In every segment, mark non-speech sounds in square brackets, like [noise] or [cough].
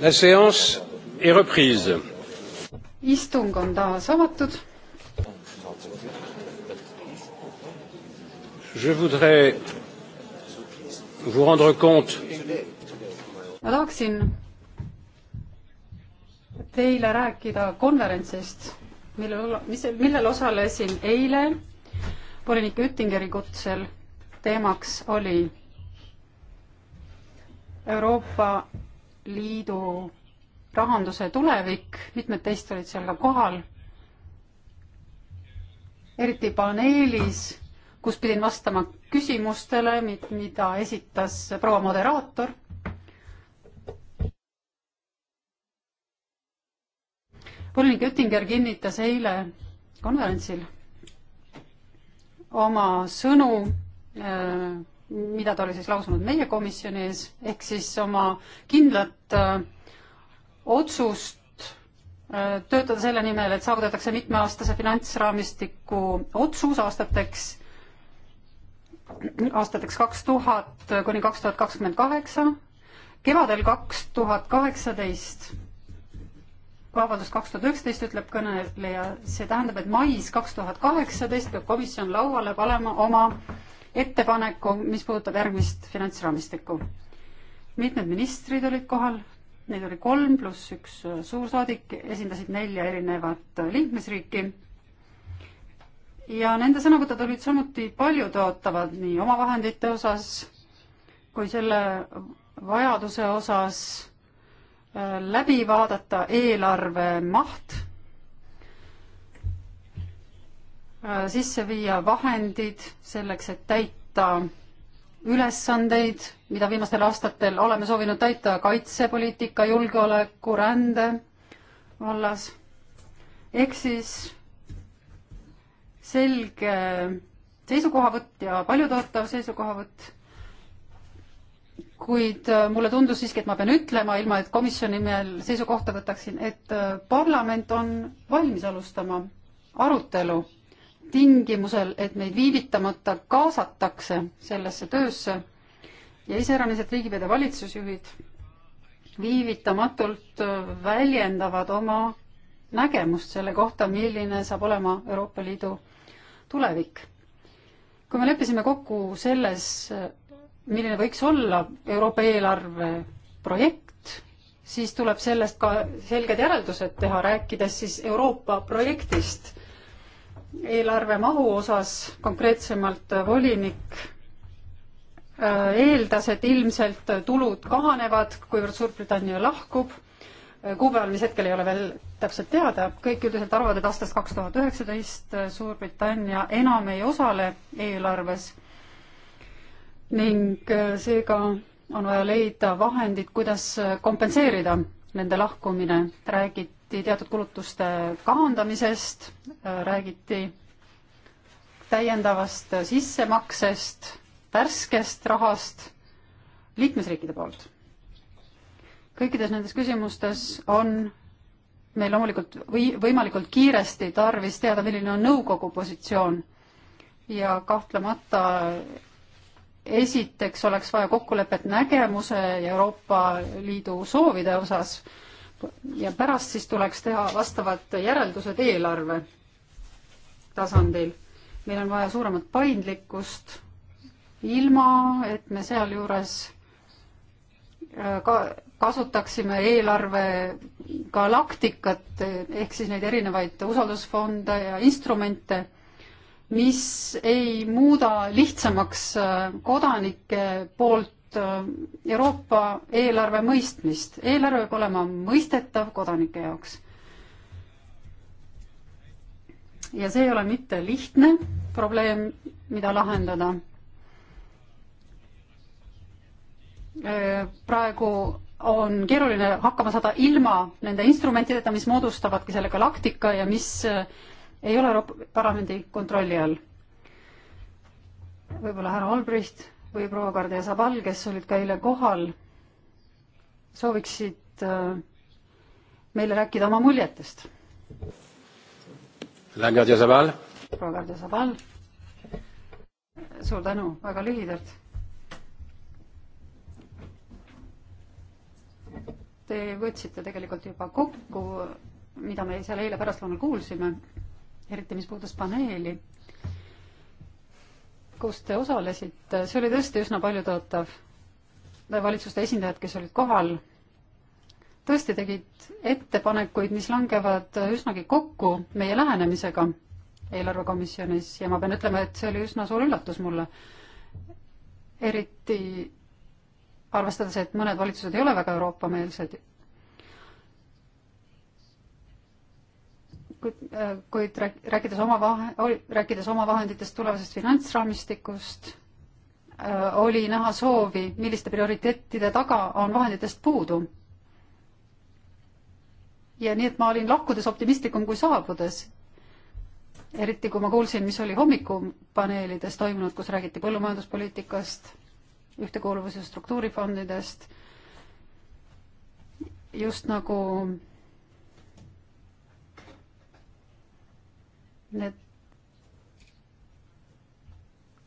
La séance est reprise. Istung on taas avatud. Je voudrais vous rendre compte. Ma tahaksin teile rääkida konverentsist, millel, mis, millel osalesin eile volinik Üttingeri kutsel. teemaks oli Euroopa Liidu rahanduse tulevik, mitmed teist olid seal ka kohal, eriti paneelis, kus pidin vastama küsimustele, mida esitas proua moderaator. volinik Oettinger kinnitas eile konverentsil oma sõnu äh, mida ta oli siis lausunud meie komisjoni ees, ehk siis oma kindlat öö, äh, otsust öö, äh, töötada selle nimel, et saavutatakse mitmeaastase finantsraamistiku otsus aastateks, aastateks kaks tuhat kuni kaks tuhat kakskümmend kaheksa, kevadel kaks tuhat kaheksateist, vabandust, kaks tuhat üheksateist ütleb kõneleja, see tähendab, et mais kaks tuhat kaheksateist peab komisjon lauale panema oma ettepaneku, mis puudutab järgmist finantsraamistikku. mitmed ministrid olid kohal, neid oli kolm pluss üks suursaadik, esindasid nelja erinevat liikmesriiki. ja nende sõnavõtud olid samuti paljutootavad nii omavahendite osas kui selle vajaduse osas äh, läbi vaadata eelarve maht Äh, sisse viia vahendid selleks, et täita ülesandeid, mida viimastel aastatel oleme soovinud täita kaitsepoliitika, julgeoleku, rände vallas. ehk siis selge seisukohavõtt ja paljutootav seisukohavõtt. kuid äh, mulle tundus siiski, et ma pean ütlema, ilma et komisjoni nimel seisukohta võtaksin, et äh, parlament on valmis alustama arutelu tingimusel, et meid viivitamata kaasatakse sellesse töösse ja iseäranis, et riigipead ja valitsusjuhid viivitamatult väljendavad oma nägemust selle kohta, milline saab olema Euroopa Liidu tulevik. kui me leppisime kokku selles, milline võiks olla Euroopa eelarve projekt, siis tuleb sellest ka selged järeldused teha, rääkides siis Euroopa projektist eelarve mahu osas konkreetsemalt volinik äh, eeldas, et ilmselt tulud kahanevad, kuivõrd Suurbritannia lahkub. Äh, kuupäeval, mis hetkel ei ole veel täpselt teada, kõik üldiselt arvavad, et aastast kaks tuhat üheksateist Suurbritannia enam ei osale eelarves. ning äh, seega on vaja leida vahendid, kuidas kompenseerida nende lahkumine. räägiti räägiti teatud kulutuste kahandamisest, räägiti täiendavast sissemaksest, värskest rahast liikmesriikide poolt. kõikides nendes küsimustes on meil loomulikult või võimalikult kiiresti tarvis teada, milline on nõukogu positsioon ja kahtlemata esiteks oleks vaja kokkulepet nägemuse ja Euroopa Liidu soovide osas ja pärast siis tuleks teha vastavad järeldused eelarve tasandil. meil on vaja suuremat paindlikkust, ilma et me sealjuures äh, ka kasutaksime eelarve galaktikat ehk siis neid erinevaid usaldusfonde ja instrumente, mis ei muuda lihtsamaks äh, kodanike poolt Äh, Euroopa eelarve mõistmist. eelarve peab olema mõistetav kodanike jaoks. ja see ei ole mitte lihtne probleem, mida lahendada. Äh, praegu on keeruline hakkama saada ilma nende instrumentideta, mis moodustavadki selle galaktika ja mis äh, ei ole Euroopa Parlamendi kontrolli all. võib-olla härra Albrecht või proua Kardia Sabal, kes olid ka eile kohal, sooviksid äh, meile rääkida oma muljetest. proua Kardia Sabal. suur tänu, väga lühidalt. Te võtsite tegelikult juba kokku, mida me seal eile pärastlõunal kuulsime, eriti mis puudus paneeli kus te osalesite, see oli tõesti üsna paljutõotav. valitsuste esindajad, kes olid kohal, tõesti tegid ettepanekuid, mis langevad üsnagi kokku meie lähenemisega eelarvekomisjonis ja ma pean ütlema, et see oli üsna suur üllatus mulle. eriti arvestades, et mõned valitsused ei ole väga Euroopa-meelsed kuid, äh, kuid rääkides oma vahe, rääkides oma vahenditest tulevasest finantsraamistikust, äh, oli näha soovi, milliste prioriteetide taga on vahenditest puudu. ja nii, et ma olin lahkudes optimistlikum kui saabudes. eriti kui ma kuulsin, mis oli hommikupaneelides toimunud, kus räägiti põllumajanduspoliitikast, ühtekuuluvuse struktuurifondidest, just nagu Need,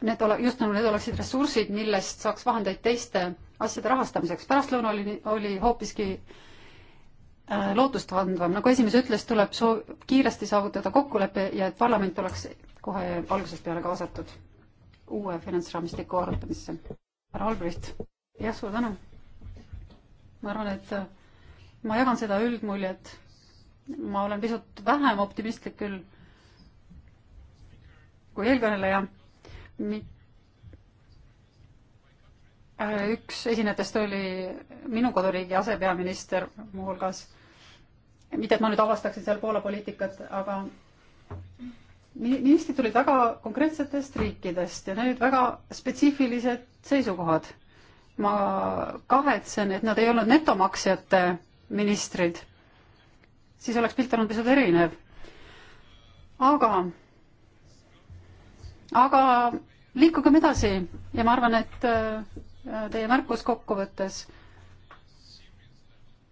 need ole-, just nagu need oleksid ressursid, millest saaks vahendeid teiste asjade rahastamiseks. pärastlõuna oli, oli hoopiski äh, lootustandvam, nagu esimees ütles, tuleb soov, kiiresti saavutada kokkulepe ja et parlament oleks kohe algusest peale kaasatud uue finantsraamistiku arutamisse. härra Albrecht. jah, suur tänu. ma arvan, et äh, ma jagan seda üldmuljet. ma olen pisut vähem optimistlik küll kui eelkõneleja. Äh, üks esinejatest oli minu koduriigi asepeaminister muuhulgas. mitte, et ma nüüd avastaksin seal Poola poliitikat, aga ministrid tulid väga konkreetsetest riikidest ja neil olid väga spetsiifilised seisukohad. ma kahetsen, et nad ei olnud netomaksjate ministrid. siis oleks pilt olnud pisut erinev. aga aga liikugem edasi ja ma arvan, et äh, teie märkus kokkuvõttes,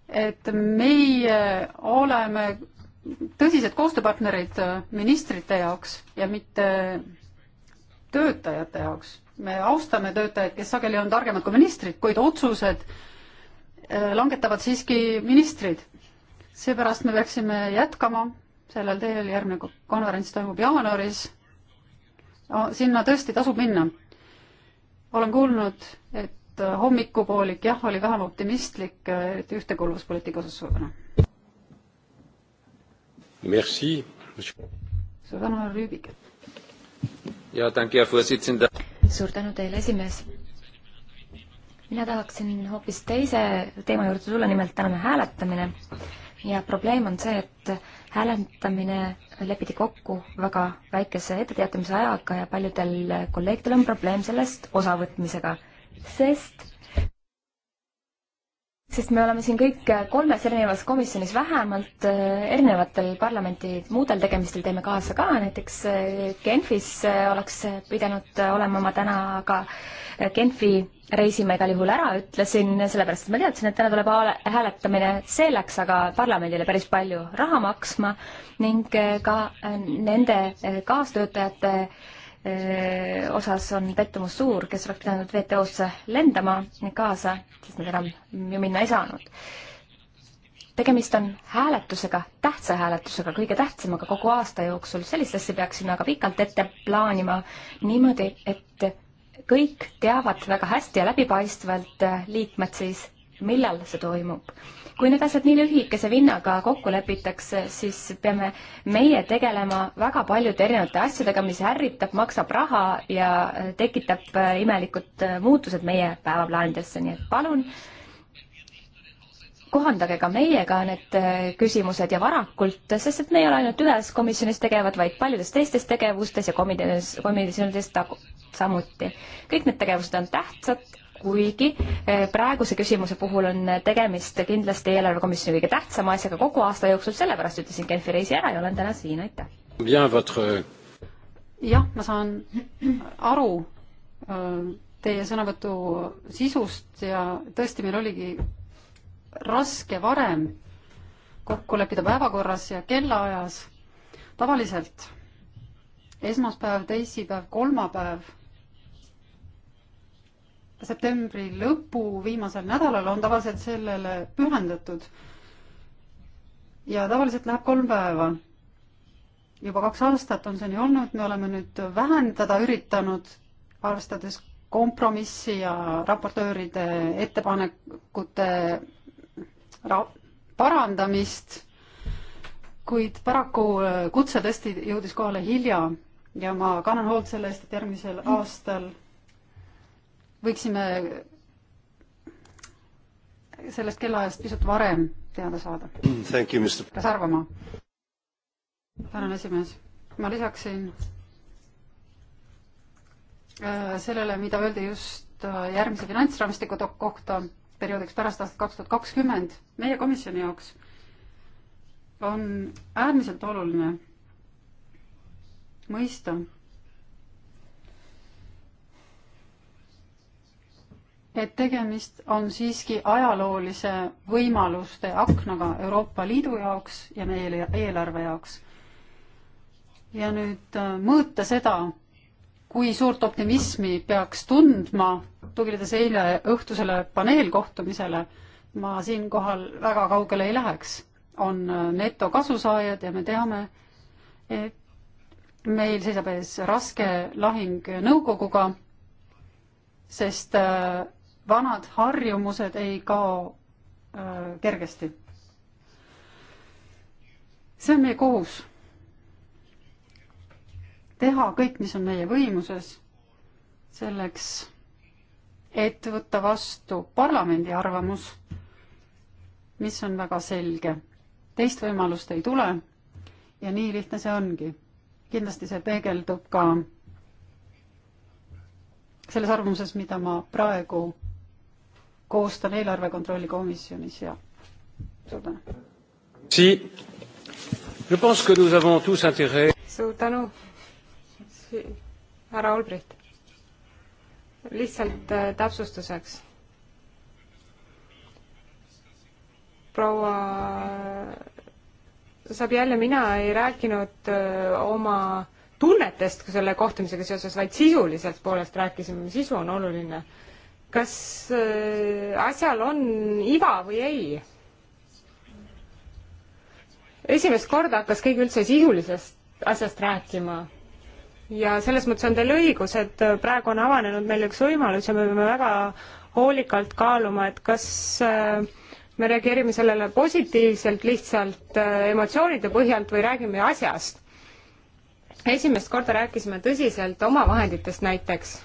et meie oleme tõsised koostööpartnerid äh, ministrite jaoks ja mitte töötajate jaoks. me austame töötajaid, kes sageli on targemad kui ministrid, kuid otsused äh, langetavad siiski ministrid. seepärast me peaksime jätkama sellel teel, järgmine konverents toimub jaanuaris sinna tõesti tasub minna. olen kuulnud, et äh, hommikupoolik jah, oli vähem optimistlik, äh, eriti ühtekuuluvuspoliitika osas suur tänu. Merci. suur tänu, härra Rüübik. ja tänki, hea võõrsitsinda. suur tänu teile, esimees. mina tahaksin hoopis teise teema juurde tulla, nimelt tänane hääletamine ja probleem on see, et hääletamine lepiti kokku väga väikese etteteatamise ajaga ja paljudel kolleegidel on probleem sellest osavõtmisega, sest sest me oleme siin kõik kolmes erinevas komisjonis vähemalt, eh, erinevatel parlamendi muudel tegemistel teeme kaasa ka, näiteks eh, Genfis eh, oleks pidanud olema ma täna, aga Genfi reisi ma igal juhul ära ütlesin, sellepärast et ma teadsin, et täna tuleb hääletamine, see läks aga parlamendile päris palju raha maksma ning ka nende kaastöötajate osas on pettumus suur, kes oleks pidanud WTO-sse lendama kaasa, sest nad enam ju minna ei saanud. tegemist on hääletusega, tähtsa hääletusega, kõige tähtsamaga kogu aasta jooksul, sellist asja peaksime aga pikalt ette plaanima niimoodi, et kõik teavad väga hästi ja läbipaistvalt, liikmed siis, millal see toimub kui need asjad nii lühikese vinnaga kokku lepitakse, siis peame meie tegelema väga paljude erinevate asjadega, mis ärritab, maksab raha ja tekitab imelikud muutused meie päevaplaanidesse, nii et palun kohandage ka meiega need küsimused ja varakult, sest et me ei ole ainult ühes komisjonis tegevad, vaid paljudes teistes tegevustes ja komisjonides, komisjonides samuti. kõik need tegevused on tähtsad kuigi eh, praeguse küsimuse puhul on tegemist kindlasti eelarvekomisjoni kõige tähtsama asjaga kogu aasta jooksul, sellepärast ütlesin Genfi reisi ära ja olen täna siin, aitäh! jah, ma saan aru äh, teie sõnavõtu sisust ja tõesti, meil oligi raske varem kokku leppida päevakorras ja kellaajas. tavaliselt esmaspäev, teisipäev, kolmapäev septembri lõpu viimasel nädalal on tavaliselt sellele pühendatud. ja tavaliselt läheb kolm päeva. juba kaks aastat on see nii olnud, me oleme nüüd vähendada üritanud, arvestades kompromissi ja raportööride ettepanekute ra-, parandamist, kuid paraku kutse tõesti jõudis kohale hilja ja ma kannan hoolt selle eest, et järgmisel aastal võiksime sellest kellaajast pisut varem teada saada. Mm, kas arvama? tänan, esimees. ma lisaksin äh, sellele, mida öeldi just äh, järgmise finantsraamistiku kohta perioodiks pärast aastat kaks tuhat kakskümmend, meie komisjoni jaoks on äärmiselt oluline mõista et tegemist on siiski ajaloolise võimaluste aknaga Euroopa Liidu jaoks ja meie eelarve jaoks. ja nüüd äh, mõõta seda, kui suurt optimismi peaks tundma, tuginedes eile õhtusele paneelkohtumisele, ma siinkohal väga kaugele ei läheks. on äh, netokasusaajad ja me teame, et meil seisab ees raske lahing nõukoguga, sest äh, vanad harjumused ei kao öö, äh, kergesti. see on meie kohus. teha kõik, mis on meie võimuses selleks, et võtta vastu parlamendi arvamus, mis on väga selge. teist võimalust ei tule ja nii lihtne see ongi. kindlasti see peegeldub ka selles arvamuses, mida ma praegu koostan eelarve kontrolli komisjonis ja suur tänu. Si, je pense que nous avons tous intérêt. suur tänu, härra Olbrit. lihtsalt äh, täpsustuseks. proua äh, saab jälle, mina ei rääkinud öö, äh, oma tunnetest selle kohtumisega seoses, vaid sisuliselt poolest rääkisime, sisu on oluline kas äh, asjal on iva või ei? esimest korda hakkas keegi üldse sisulisest asjast rääkima. ja selles mõttes on teil õigus, et äh, praegu on avanenud meil üks võimalus ja me peame väga hoolikalt kaaluma, et kas äh, me reageerime sellele positiivselt lihtsalt emotsioonide põhjalt või räägime asjast. esimest korda rääkisime tõsiselt omavahenditest näiteks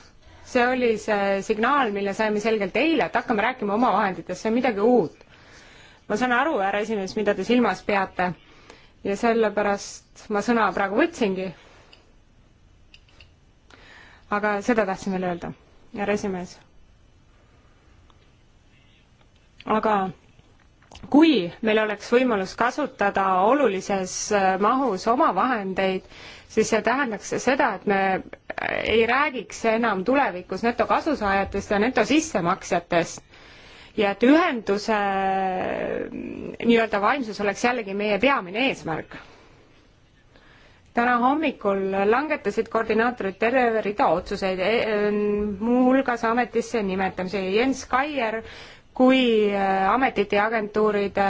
see oli see signaal, mille saime selgelt eile, et hakkame rääkima omavahenditest, see on midagi uut. ma saan aru, härra esimees, mida te silmas peate ja sellepärast ma sõna praegu võtsingi. aga seda tahtsin veel öelda, härra esimees. aga kui meil oleks võimalus kasutada olulises äh, mahus omavahendeid, siis see tähendaks seda, et me äh, ei räägiks enam tulevikus netokasusaajatest ja netosissemaksjatest. ja et ühenduse äh, nii-öelda vaimsus oleks jällegi meie peamine eesmärk. täna hommikul langetasid koordinaatorid terve rida otsuseid, e, muuhulgas ametisse nimetamise. Jens Kaier kui äh, ametite ja agentuuride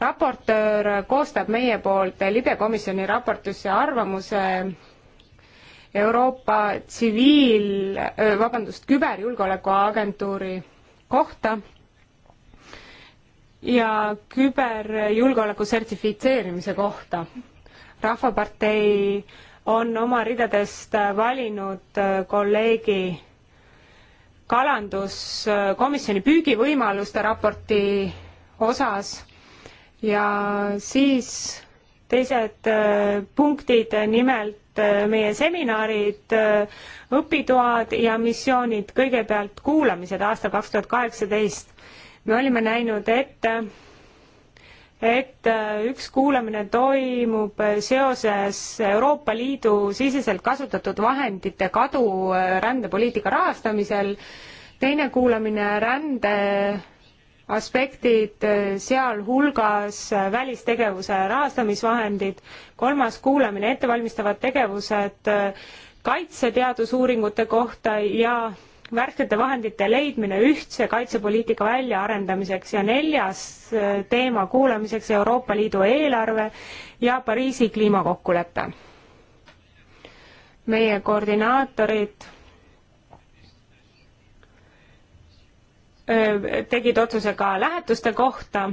raportöör koostab meie poolt libekomisjoni raportisse arvamuse Euroopa tsiviil, vabandust, küberjulgeoleku agentuuri kohta ja küberjulgeoleku sertifitseerimise kohta. rahvapartei on oma ridadest valinud äh, kolleegi kalanduskomisjoni püügivõimaluste raporti osas ja siis teised äh, punktid, nimelt äh, meie seminarid, äh, õpitoad ja missioonid, kõigepealt kuulamised aastal kaks tuhat kaheksateist. me olime näinud ette et äh, üks kuulamine toimub seoses Euroopa Liidu siseselt kasutatud vahendite kadu äh, rändepoliitika rahastamisel, teine kuulamine rände aspektid, äh, sealhulgas välistegevuse rahastamisvahendid, kolmas kuulamine ettevalmistavad tegevused kaitseteadusuuringute kohta ja värskete vahendite leidmine ühtse kaitsepoliitika väljaarendamiseks ja neljas äh, teema kuulamiseks Euroopa Liidu eelarve ja Pariisi kliimakokkulepe. meie koordinaatorid äh, tegid otsuse ka lähetuste kohta.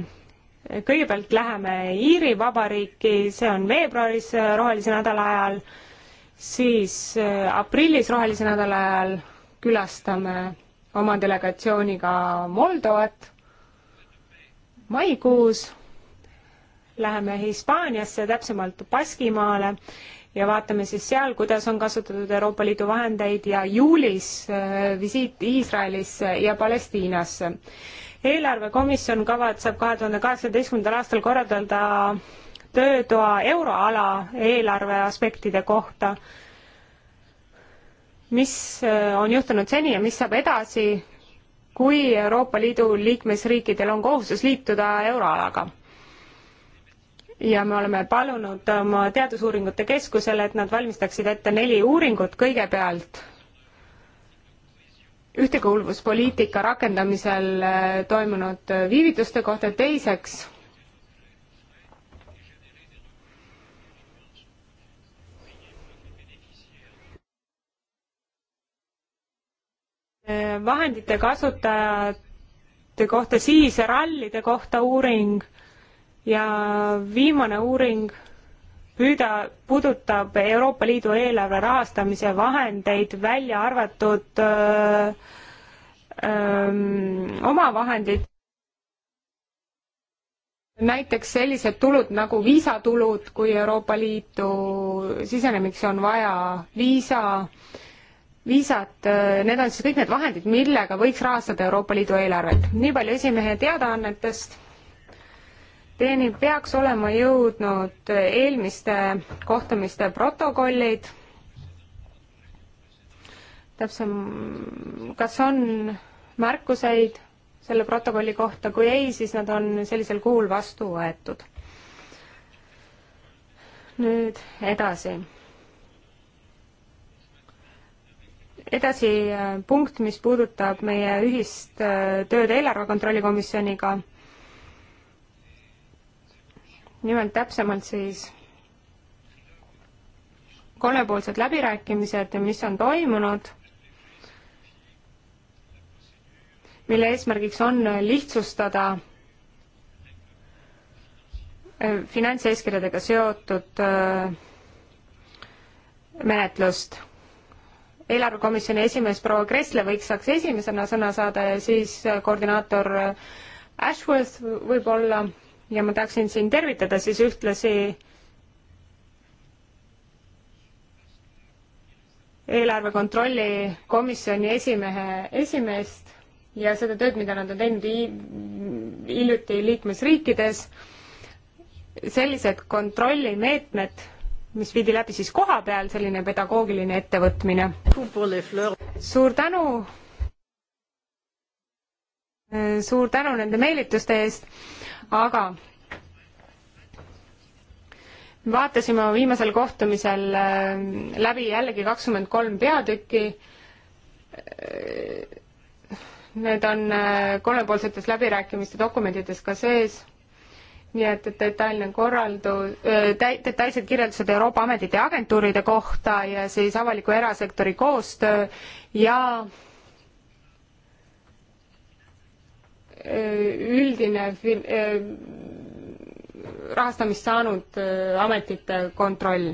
kõigepealt läheme Iiri Vabariiki, see on veebruaris äh, rohelise nädala ajal, siis aprillis rohelise nädala ajal külastame oma delegatsiooniga Moldovat. maikuus läheme Hispaaniasse, täpsemalt Baskimaale ja vaatame siis seal, kuidas on kasutatud Euroopa Liidu vahendeid ja juulis äh, visiit Iisraelisse ja Palestiinasse. eelarvekomisjon kavatseb kahe tuhande kaheksateistkümnendal aastal korraldada töötoa euroala eelarve aspektide kohta mis äh, on juhtunud seni ja mis saab edasi, kui Euroopa Liidu liikmesriikidel on kohustus liituda euroalaga. ja me oleme palunud oma Teadusuuringute Keskusele, et nad valmistaksid ette neli uuringut kõigepealt ühtekuuluvuspoliitika rakendamisel äh, toimunud viivituste kohta, teiseks vahendite kasutajate kohta, siis rallide kohta uuring ja viimane uuring püüda, puudutab Euroopa Liidu eelarve rahastamise vahendeid, välja arvatud öö, öö, omavahendid. näiteks sellised tulud nagu viisatulud, kui Euroopa Liitu sisenemiseks on vaja viisa öö, viisat, need on siis kõik need vahendid, millega võiks rahastada Euroopa Liidu eelarvet. nii palju esimehe teadaannetest. teenib, peaks olema jõudnud eelmiste kohtumiste protokollid täpsem, kas on märkuseid selle protokolli kohta, kui ei, siis nad on sellisel kuul vastu võetud. nüüd edasi edasi äh, punkt, mis puudutab meie ühist äh, tööd eelarve kontrolli komisjoniga. nimelt täpsemalt siis kolmepoolsed läbirääkimised, mis on toimunud, mille eesmärgiks on lihtsustada äh, finantseeskirjadega seotud menetlust eelarvekomisjoni esimees proua Kressle võiks, saaks esimesena sõna saada ja siis äh, koordinaator äh, Ashworth võib-olla ja ma tahaksin siin tervitada siis ühtlasi eelarve kontrolli komisjoni esimehe, esimeest ja seda tööd, mida nad on teinud hiljuti liikmesriikides. sellised kontrollimeetmed mis viidi läbi siis koha peal, selline pedagoogiline ettevõtmine. suur tänu. suur tänu nende meelituste eest, aga vaatasime viimasel kohtumisel äh, läbi jällegi kakskümmend kolm peatükki. Need on äh, kolmepoolsetes läbirääkimiste dokumentides ka sees nii et, et detailne korraldu-, äh, detailsed kirjeldused Euroopa ametite ja agentuuride kohta ja siis avaliku erasektori koostöö ja äh, üldine fil-, äh, rahastamist saanud ametite kontroll.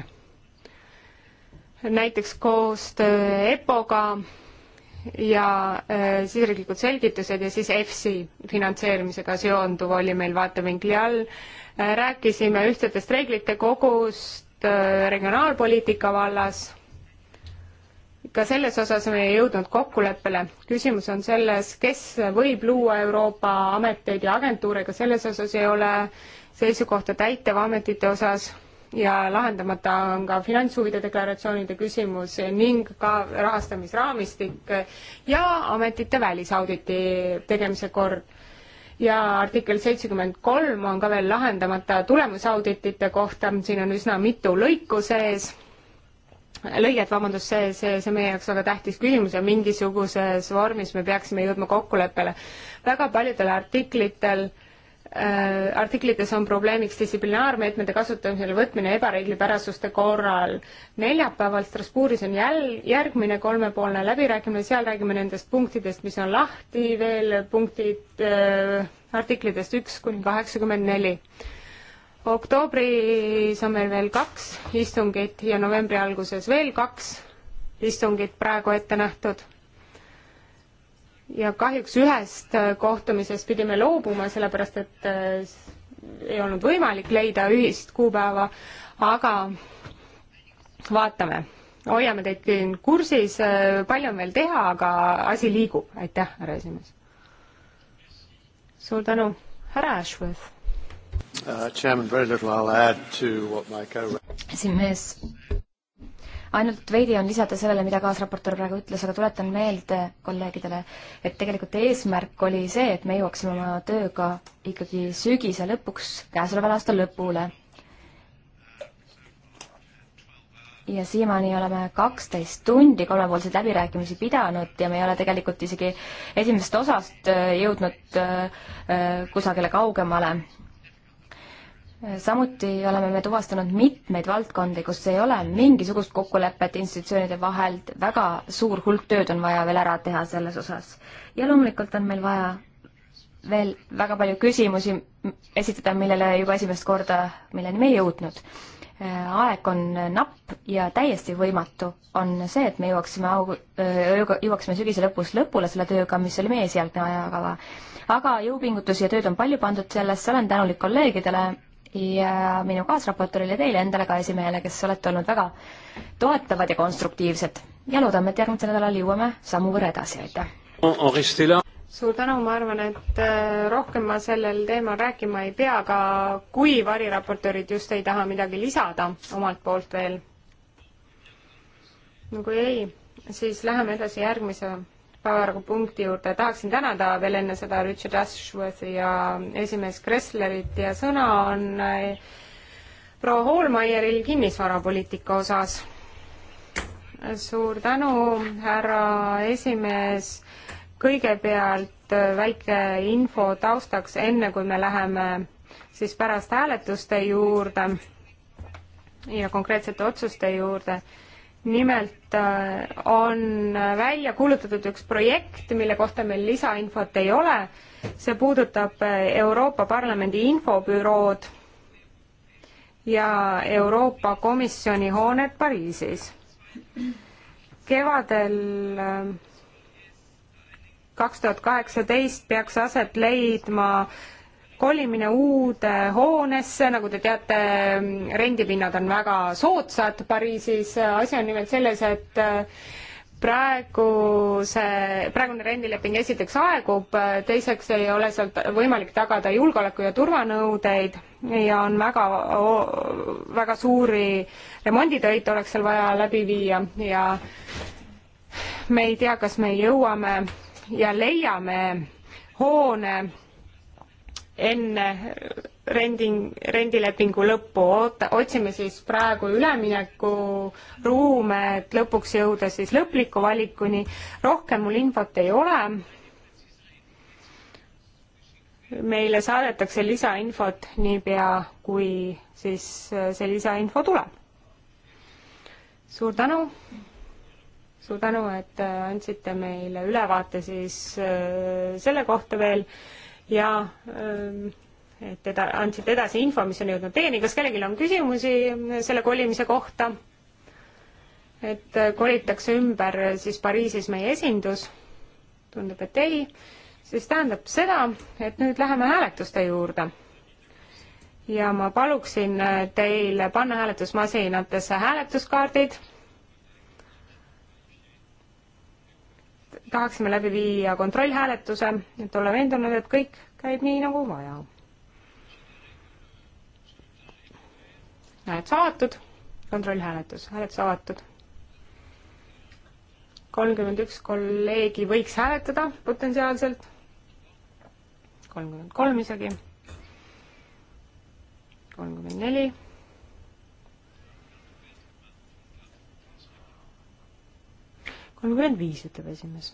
näiteks koostöö EPO-ga ja äh, siseriiklikud selgitused ja siis EFSI finantseerimisega seonduv oli meil vaatevinkli all äh,. rääkisime ühtsetest reeglite kogust äh, regionaalpoliitika vallas. ka selles osas me ei jõudnud kokkuleppele. küsimus on selles, kes võib luua Euroopa ameteid ja agentuure, ka selles osas ei ole seisukohta täitevametite osas ja lahendamata on ka finantshuvide deklaratsioonide küsimus ning ka rahastamisraamistik ja ametite välisauditi tegemise kord. ja artikkel seitsekümmend kolm on ka veel lahendamata tulemusauditite kohta, siin on üsna mitu lõiku sees lõiget, vabandust, see, see, see meie jaoks väga tähtis küsimus ja mingisuguses vormis me peaksime jõudma kokkuleppele. väga paljudel artiklitel Äh, artiklites on probleemiks distsiplinaarmeetmete kasutamisele võtmine ebareeglipärasuste korral. neljapäeval Strasbourgis on jäl-, järgmine kolmepoolne läbirääkimine, seal räägime nendest punktidest, mis on lahti veel, punktid äh, artiklitest üks kuni kaheksakümmend neli. oktoobris on meil veel kaks istungit ja novembri alguses veel kaks istungit praegu ette nähtud ja kahjuks ühest kohtumisest pidime loobuma, sellepärast et äh, ei olnud võimalik leida ühist kuupäeva, aga vaatame, hoiame teid siin kursis, äh, palju on veel teha, aga asi liigub, aitäh, härra esimees. suur tänu, härra Ashworth. Uh, chairman, very little I'll add to what my co-. esimees ainult veidi on lisada sellele, mida kaasraportöör praegu ütles, aga tuletan meelde kolleegidele, et tegelikult eesmärk oli see, et me jõuaksime oma tööga ikkagi sügise lõpuks, käesoleva aasta lõpule. ja siiamaani oleme kaksteist tundi kolmepoolseid läbirääkimisi pidanud ja me ei ole tegelikult isegi esimesest osast äh, jõudnud äh, äh, kusagile kaugemale samuti oleme me tuvastanud mitmeid valdkondi, kus ei ole mingisugust kokkulepet institutsioonide vahel, väga suur hulk tööd on vaja veel ära teha selles osas. ja loomulikult on meil vaja veel väga palju küsimusi esitada, millele juba esimest korda, milleni me ei jõudnud. aeg on napp ja täiesti võimatu on see, et me jõuaksime au-, jõuaksime sügise lõpus lõpule selle tööga, mis oli meie esialgne ajakava. aga jõupingutusi ja tööd on palju pandud sellesse, olen tänulik kolleegidele, ja minu kaasraportorile, teile endale ka esimehele, kes olete olnud väga toetavad ja konstruktiivsed. ja loodame, et järgmisel nädalal jõuame sammu võrra edasi, aitäh! suur tänu, ma arvan, et äh, rohkem ma sellel teemal rääkima ei pea, aga kui variraportöörid just ei taha midagi lisada omalt poolt veel, no kui ei, siis läheme edasi järgmise päevakorrapunkti juurde, tahaksin tänada veel enne seda Richard Ashworthi ja esimees Kresslerit ja sõna on äh, proua Hoolmeieril kinnisvarapoliitika osas. suur tänu, härra esimees, kõigepealt äh, väike info taustaks, enne kui me läheme siis pärast hääletuste juurde ja konkreetsete otsuste juurde nimelt äh, on välja kuulutatud üks projekt, mille kohta meil lisainfot ei ole. see puudutab äh, Euroopa Parlamendi infobürood ja Euroopa Komisjoni hoonet Pariisis. kevadel äh, kaks tuhat kaheksateist peaks aset leidma kolimine uude hoonesse, nagu te teate, rendipinnad on väga soodsad Pariisis, asi on nimelt selles, et äh, praeguse, praegune rendileping esiteks aegub, äh, teiseks ei ole sealt võimalik tagada julgeoleku- ja turvanõudeid ja on väga, väga suuri remonditöid oleks seal vaja läbi viia ja me ei tea, kas me jõuame ja leiame hoone enne rending, rendilepingu lõppu, oota, otsime siis praegu üleminekuruume, et lõpuks jõuda siis lõpliku valikuni, rohkem mul infot ei ole. meile saadetakse lisainfot niipea, kui siis see lisainfo tuleb. suur tänu! suur tänu, et andsite meile ülevaate siis äh, selle kohta veel ja ähm, et eda-, andsite edasi info, mis on jõudnud teieni, kas kellelgi on küsimusi selle kolimise kohta? et äh, kolitakse ümber äh, siis Pariisis meie esindus? tundub, et ei, siis tähendab seda, et nüüd läheme hääletuste juurde. ja ma paluksin äh, teil panna hääletusmasinatesse hääletuskaardid tahaksime läbi viia kontrollhääletuse, et olla veendunud, et kõik käib nii, nagu vaja. hääletus avatud, kontrollhääletus, hääletus avatud. kolmkümmend üks kolleegi võiks hääletada potentsiaalselt, kolmkümmend kolm isegi, kolmkümmend neli kolmkümmend viis, ütleb esimees.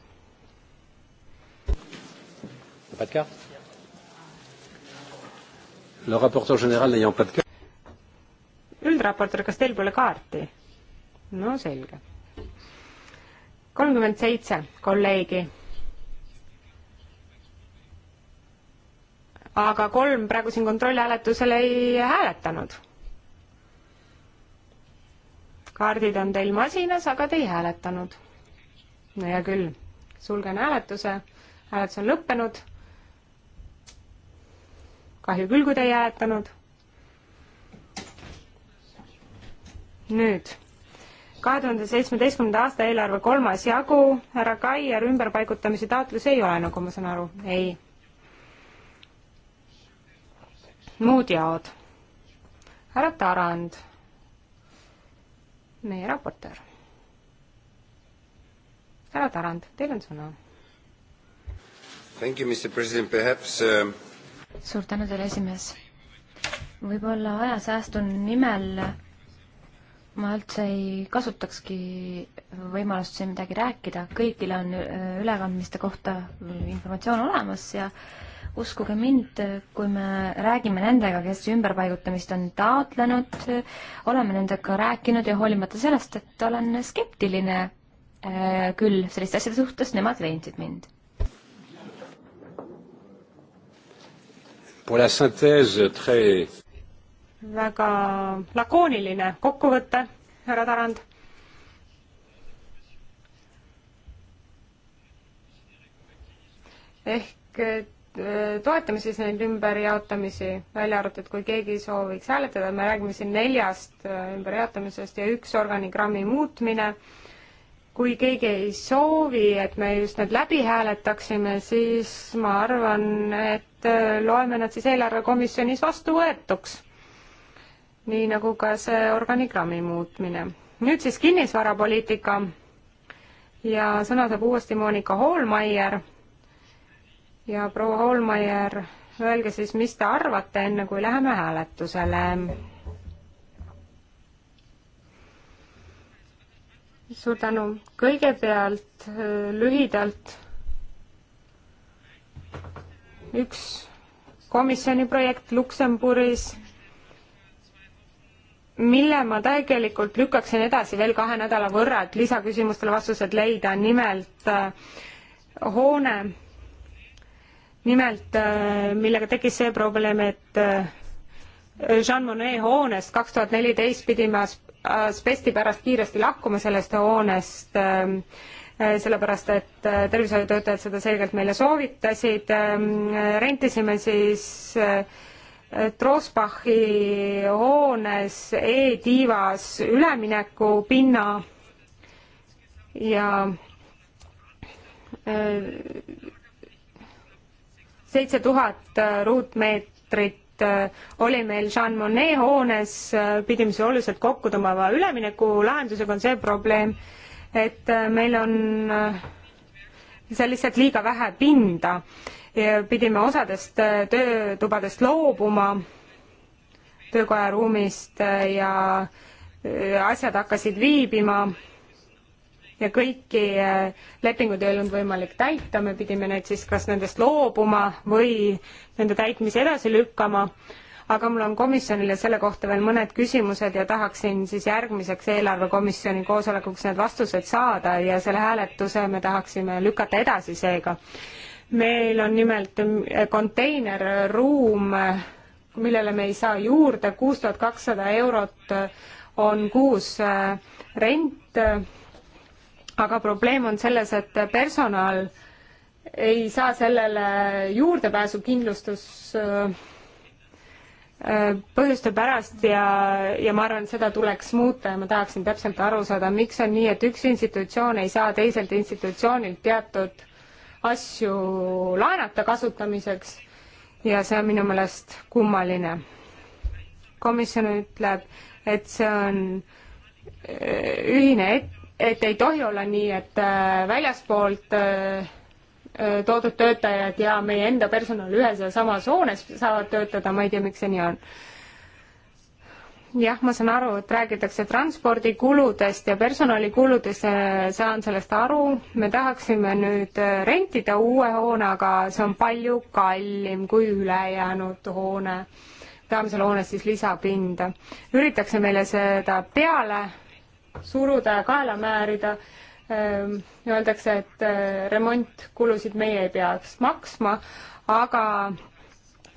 Pas de carte Le rapporteur général n'ayant pas de carte. üldraportor, kas teil pole kaarti? no selge. kolmkümmend seitse kolleegi. aga kolm praegu siin kontrollhääletusel ei hääletanud kaardid on teil masinas, aga te ei hääletanud. no hea küll, sulgen hääletuse, hääletus on lõppenud kahju küll, kui te ei hääletanud. nüüd, kahe tuhande seitsmeteistkümnenda aasta eelarve kolmas jagu, härra Kaier, ümberpaigutamise taotlusi ei ole, nagu ma saan aru, ei. muud jaod. härra Tarand, meie raportöör. härra Tarand, teil on sõna. Thank you, Mr President, perhaps uh suur tänu teile, esimees. võib-olla ajasäästu nimel ma üldse ei kasutakski võimalust siin midagi rääkida, kõigil on äh, ülekandmiste kohta informatsioon olemas ja uskuge mind, kui me räägime nendega, kes ümberpaigutamist on taotlenud, oleme nendega rääkinud ja hoolimata sellest, et olen skeptiline äh, küll selliste asjade suhtes, nemad veensid mind pour la synthèse très väga lakooniline kokkuvõte, härra Tarand. ehk äh, toetame siis neid ümberjaotamisi, välja arvatud, kui keegi sooviks hääletada, me räägime siin neljast äh, ümberjaotamisest ja üks organigrammi muutmine äh, kui keegi ei soovi, et me just need läbi hääletaksime, siis ma arvan, et äh, loeme nad siis eelarvekomisjonis vastuvõetuks. nii nagu ka see organigrammi muutmine. nüüd siis kinnisvarapoliitika ja sõna saab uuesti Monika Hoolmeier. ja proua Hoolmeier, öelge siis, mis te arvate, enne kui läheme hääletusele suur tänu. kõigepealt äh, lühidalt üks komisjoni projekt Luksemburis, mille ma tegelikult lükkaksin edasi veel kahe nädala võrra, et lisaküsimustele vastused leida, nimelt äh, hoone, nimelt äh, millega tekkis see probleem, et Jean Monnet hoonest kaks tuhat neliteist pidime asbesti pärast kiiresti lakkuma sellest hoonest, ähm, äh, sellepärast et äh, tervishoiutöötajad seda selgelt meile soovitasid, ähm, rentisime siis äh, Trosbachi hoones E-tiivas üleminekupinna ja seitse tuhat ruutmeetrit Äh, oli meil Jean Monnet hoones, äh, pidime siia oluliselt kokku tõmbama, üleminekulahendusega on see probleem, et äh, meil on seal lihtsalt liiga vähe pinda ja pidime osadest töötubadest loobuma, töökoja ruumist ja asjad hakkasid viibima ja kõiki äh, lepinguid ei olnud võimalik täita, me pidime need siis kas nendest loobuma või nende täitmise edasi lükkama, aga mul on komisjonile selle kohta veel mõned küsimused ja tahaksin siis järgmiseks eelarvekomisjoni koosolekuks need vastused saada ja selle hääletuse me tahaksime lükata edasi seega. meil on nimelt äh, konteinerruum, äh, millele me ei saa juurde, kuus tuhat kakssada eurot on kuus rent aga probleem on selles, et personal ei saa sellele juurdepääsu kindlustus äh, äh, põhjuste pärast ja, ja ma arvan, et seda tuleks muuta ja ma tahaksin täpselt aru saada, miks on nii, et üks institutsioon ei saa teiselt institutsioonilt teatud asju laenata kasutamiseks ja see on minu meelest kummaline. komisjon ütleb, et see on äh, ühine et-, et ei tohi olla nii, et äh, väljaspoolt äh, äh, toodud töötajad ja meie enda personal ühes ja samas hoones saavad töötada, ma ei tea, miks see nii on. jah, ma saan aru, et räägitakse transpordikuludest ja personalikuludest, saan sellest aru, me tahaksime nüüd rentida uue hoone, aga see on palju kallim kui ülejäänud hoone. tahame seal hoones siis lisapinda. üritatakse meile seda peale suruda ja kaela määrida. Ehm, öeldakse, et eh, remontkulusid meie ei peaks maksma, aga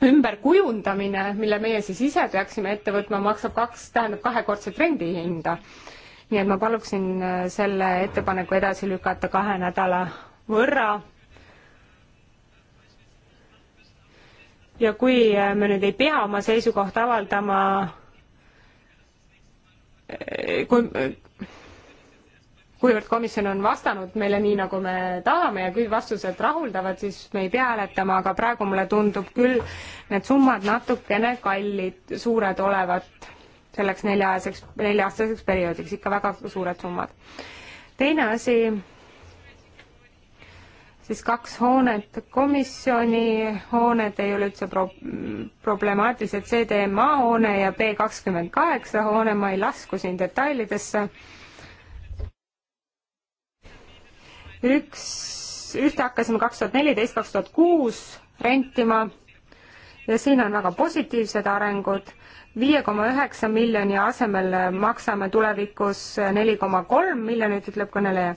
ümberkujundamine, mille meie siis ise peaksime ette võtma, maksab kaks, tähendab kahekordset rendihinda. nii et ma paluksin eh, selle ettepaneku edasi lükata kahe nädala võrra ja kui eh, me nüüd ei pea oma seisukohta avaldama, kui kuivõrd komisjon on vastanud meile nii, nagu me tahame ja kui vastused rahuldavad, siis me ei pea hääletama, aga praegu mulle tundub küll need summad natukene kallid, suured olevat selleks neljaajaseks, nelja-aastaseks perioodiks, ikka väga suured summad. teine asi, siis kaks hoonet, komisjoni hooned ei ole üldse pro-, problemaatilised, CDMA hoone ja B kakskümmend kaheksa hoone, ma ei lasku siin detailidesse üks, ühte hakkasime kaks tuhat neliteist, kaks tuhat kuus rentima ja siin on väga positiivsed arengud. viie koma üheksa miljoni asemel maksame tulevikus neli koma kolm miljonit, ütleb kõneleja.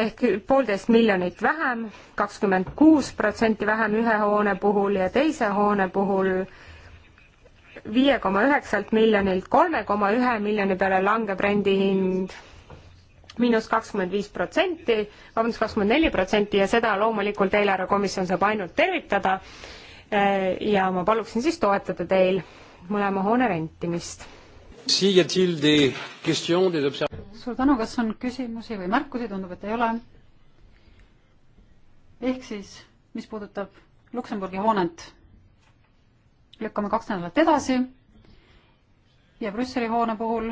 ehk poolteist miljonit vähem, kakskümmend kuus protsenti vähem ühe hoone puhul ja teise hoone puhul viie koma üheksalt miljonilt kolme koma ühe miljoni peale langeb rendihind miinus kakskümmend viis protsenti, vabandust, kakskümmend neli protsenti ja seda loomulikult eelarvekomisjon saab ainult tervitada. Äh, ja ma paluksin siis toetada teil mõlema hoone rentimist. suur tänu, kas on küsimusi või märkusi, tundub, et ei ole. ehk siis, mis puudutab Luksemburgi hoonet, lükkame kaks nädalat edasi ja Brüsseli hoone puhul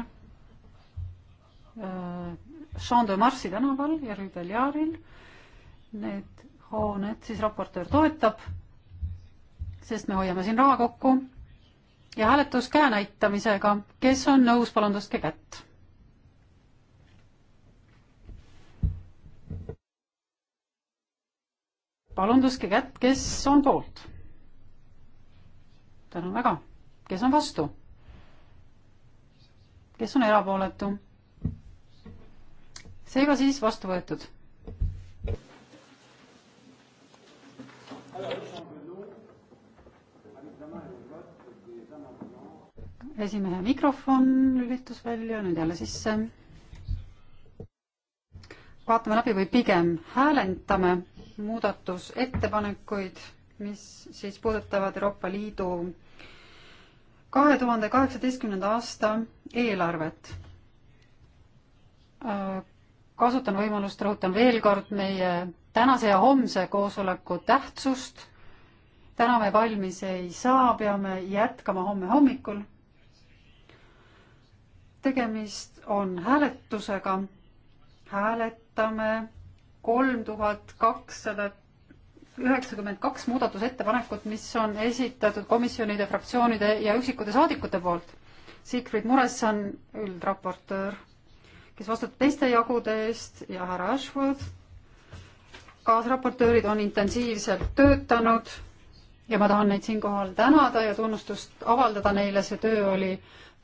äh, Champ de Marsi tänaval ja Rue del Jaril. Need hooned siis raportöör toetab, sest me hoiame siin raha kokku ja hääletus käe näitamisega. kes on nõus, palun tõstke kätt. palun tõstke kätt, kes on poolt? tänan väga. kes on vastu? kes on erapooletu? seega siis vastu võetud. esimehe mikrofon lülitus välja, nüüd jälle sisse. vaatame läbi või pigem häälendame muudatusettepanekuid, mis siis puudutavad Euroopa Liidu kahe tuhande kaheksateistkümnenda aasta eelarvet kasutan võimalust, rõhutan veel kord meie tänase ja homse koosoleku tähtsust. täna me valmis ei saa, peame jätkama homme hommikul. tegemist on hääletusega. hääletame kolm tuhat kakssada üheksakümmend kaks muudatusettepanekut, mis on esitatud komisjonide, fraktsioonide ja üksikute saadikute poolt. Sigrid Muresson, üldraportöör kes vastutab teiste jagude eest ja härra Ashworth. kaasraportöörid on intensiivselt töötanud ja ma tahan neid siinkohal tänada ja tunnustust avaldada neile, see töö oli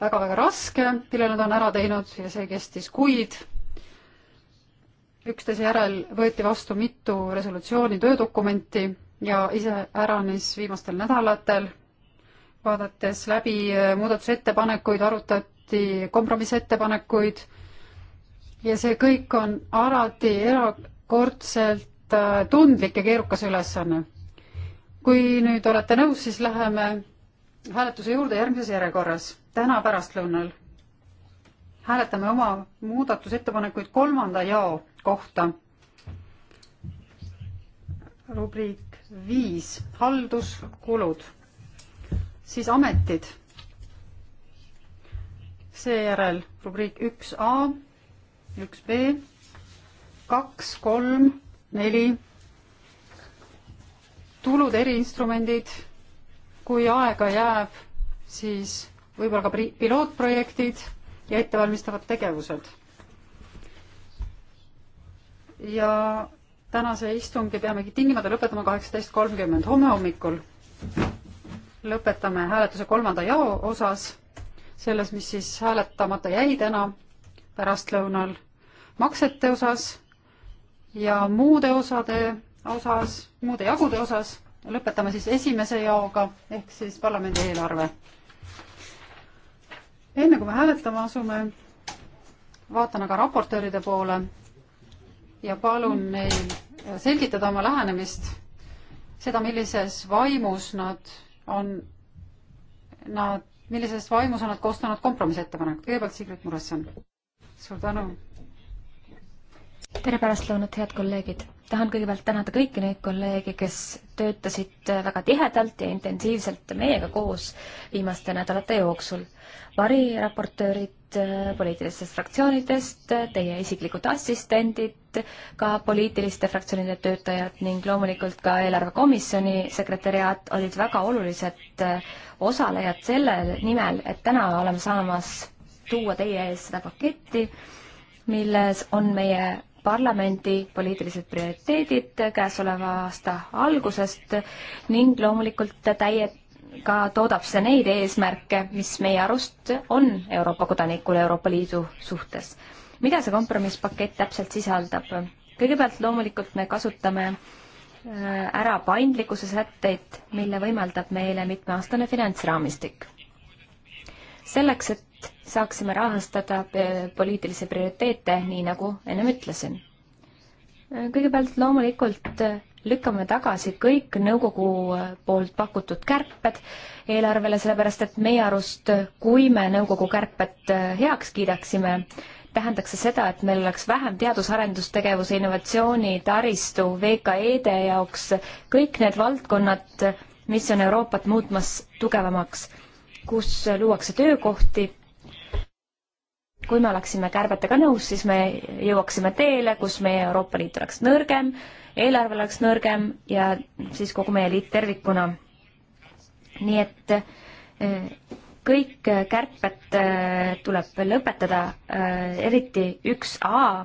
väga-väga raske, mille nad on ära teinud ja see kestis kuid. üksteise järel võeti vastu mitu resolutsiooni töödokumenti ja iseäranis viimastel nädalatel, vaadates läbi muudatusettepanekuid, arutati kompromissettepanekuid ja see kõik on alati erakordselt äh, tundlik ja keerukas ülesanne. kui nüüd olete nõus, siis läheme hääletuse juurde järgmises järjekorras, täna pärastlõunal. hääletame oma muudatusettepanekuid kolmanda jao kohta. rubriik viis, halduskulud, siis ametid seejärel rubriik üks A üks B, kaks, kolm, neli, tulud, eriinstrumendid, kui aega jääb, siis võib-olla ka pilootprojektid ja ettevalmistavad tegevused. ja tänase istungi peamegi tingimata lõpetama kaheksateist kolmkümmend homme hommikul. lõpetame hääletuse kolmanda jao osas, selles, mis siis hääletamata jäi täna pärastlõunal maksete osas ja muude osade osas, muude jagude osas. lõpetame siis esimese jaoga ehk siis parlamendi eelarve. enne kui me hääletama asume, vaatan aga raportööride poole ja palun neil selgitada oma lähenemist, seda, millises vaimus nad on, nad, millises vaimus on nad koostanud kompromissettepanekud. kõigepealt Sigrid Muresson suur tänu! tere pärastlõunat, head kolleegid! tahan kõigepealt tänada kõiki neid kolleege, kes töötasid väga tihedalt ja intensiivselt meiega koos viimaste nädalate jooksul. variraportöörid äh, poliitilistest fraktsioonidest, äh, teie isiklikud assistendid, ka poliitiliste fraktsioonide töötajad ning loomulikult ka eelarvekomisjoni sekretäriaat olid väga olulised äh, osalejad selle nimel, et täna oleme saamas tuua teie ees seda paketti, milles on meie parlamendi poliitilised prioriteedid käesoleva aasta algusest ning loomulikult täie, ka toodab see neid eesmärke, mis meie arust on Euroopa kodanikul Euroopa Liidu suhtes. mida see kompromisspakett täpselt sisaldab? kõigepealt loomulikult me kasutame äh, ära paindlikkuse sätteid, mille võimaldab meile mitmeaastane finantsraamistik selleks, et saaksime rahastada eh, poliitilisi prioriteete, nii nagu ennem ütlesin. kõigepealt loomulikult eh, lükkame tagasi kõik nõukogu eh, poolt pakutud kärped eelarvele, sellepärast et meie arust, kui me nõukogu kärped heaks kiidaksime, tähendaks see seda, et meil oleks vähem teadus-arendustegevuse, innovatsiooni, taristu, VKE-de jaoks, kõik need valdkonnad, mis on Euroopat muutmas tugevamaks kus luuakse töökohti. kui me oleksime kärbetega nõus, siis me jõuaksime teele, kus meie Euroopa Liit oleks nõrgem, eelarve oleks nõrgem ja siis kogu meie liit tervikuna. nii et eh, kõik kärped eh, tuleb lõpetada, eh, eriti üks A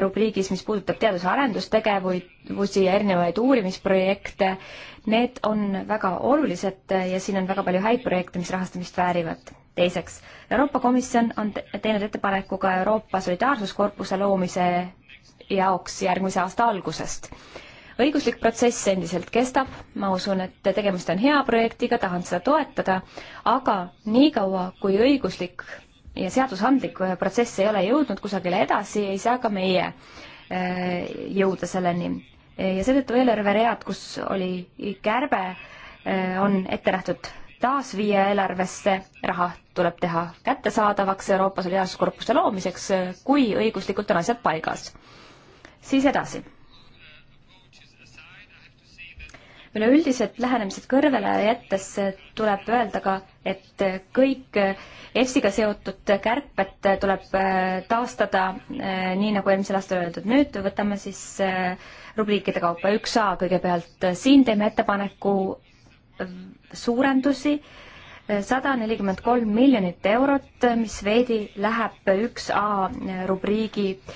rubriigis, mis puudutab teadus- ja arendustegevusi ja erinevaid uurimisprojekte Need on väga olulised ja siin on väga palju häid projekte, mis rahastamist väärivad teiseks, Euroopa Komisjon on teinud ettepaneku ka Euroopa Solidaarsuskorpuse loomise jaoks järgmise aasta algusest. õiguslik protsess endiselt kestab, ma usun, et tegemist on hea projektiga, tahan seda toetada, aga niikaua, kui õiguslik ja seadusandlik protsess ei ole jõudnud kusagile edasi, ei saa ka meie äh, jõuda selleni ja seetõttu eelarveread, kus oli kärbe, eh, on ette nähtud taas viia eelarvesse, raha tuleb teha kättesaadavaks Euroopa solidaarsuskorpuste loomiseks, eh, kui õiguslikult on asjad paigas. siis edasi üleüldised lähenemised kõrvele jättes tuleb öelda ka, et kõik EFSiga seotud kärped tuleb äh, taastada äh, nii, nagu eelmisel aastal öeldud. nüüd võtame siis äh, rubriikide kaupa üks A kõigepealt. siin teeme ettepaneku suurendusi sada nelikümmend kolm miljonit eurot, mis veidi läheb üks A rubriigist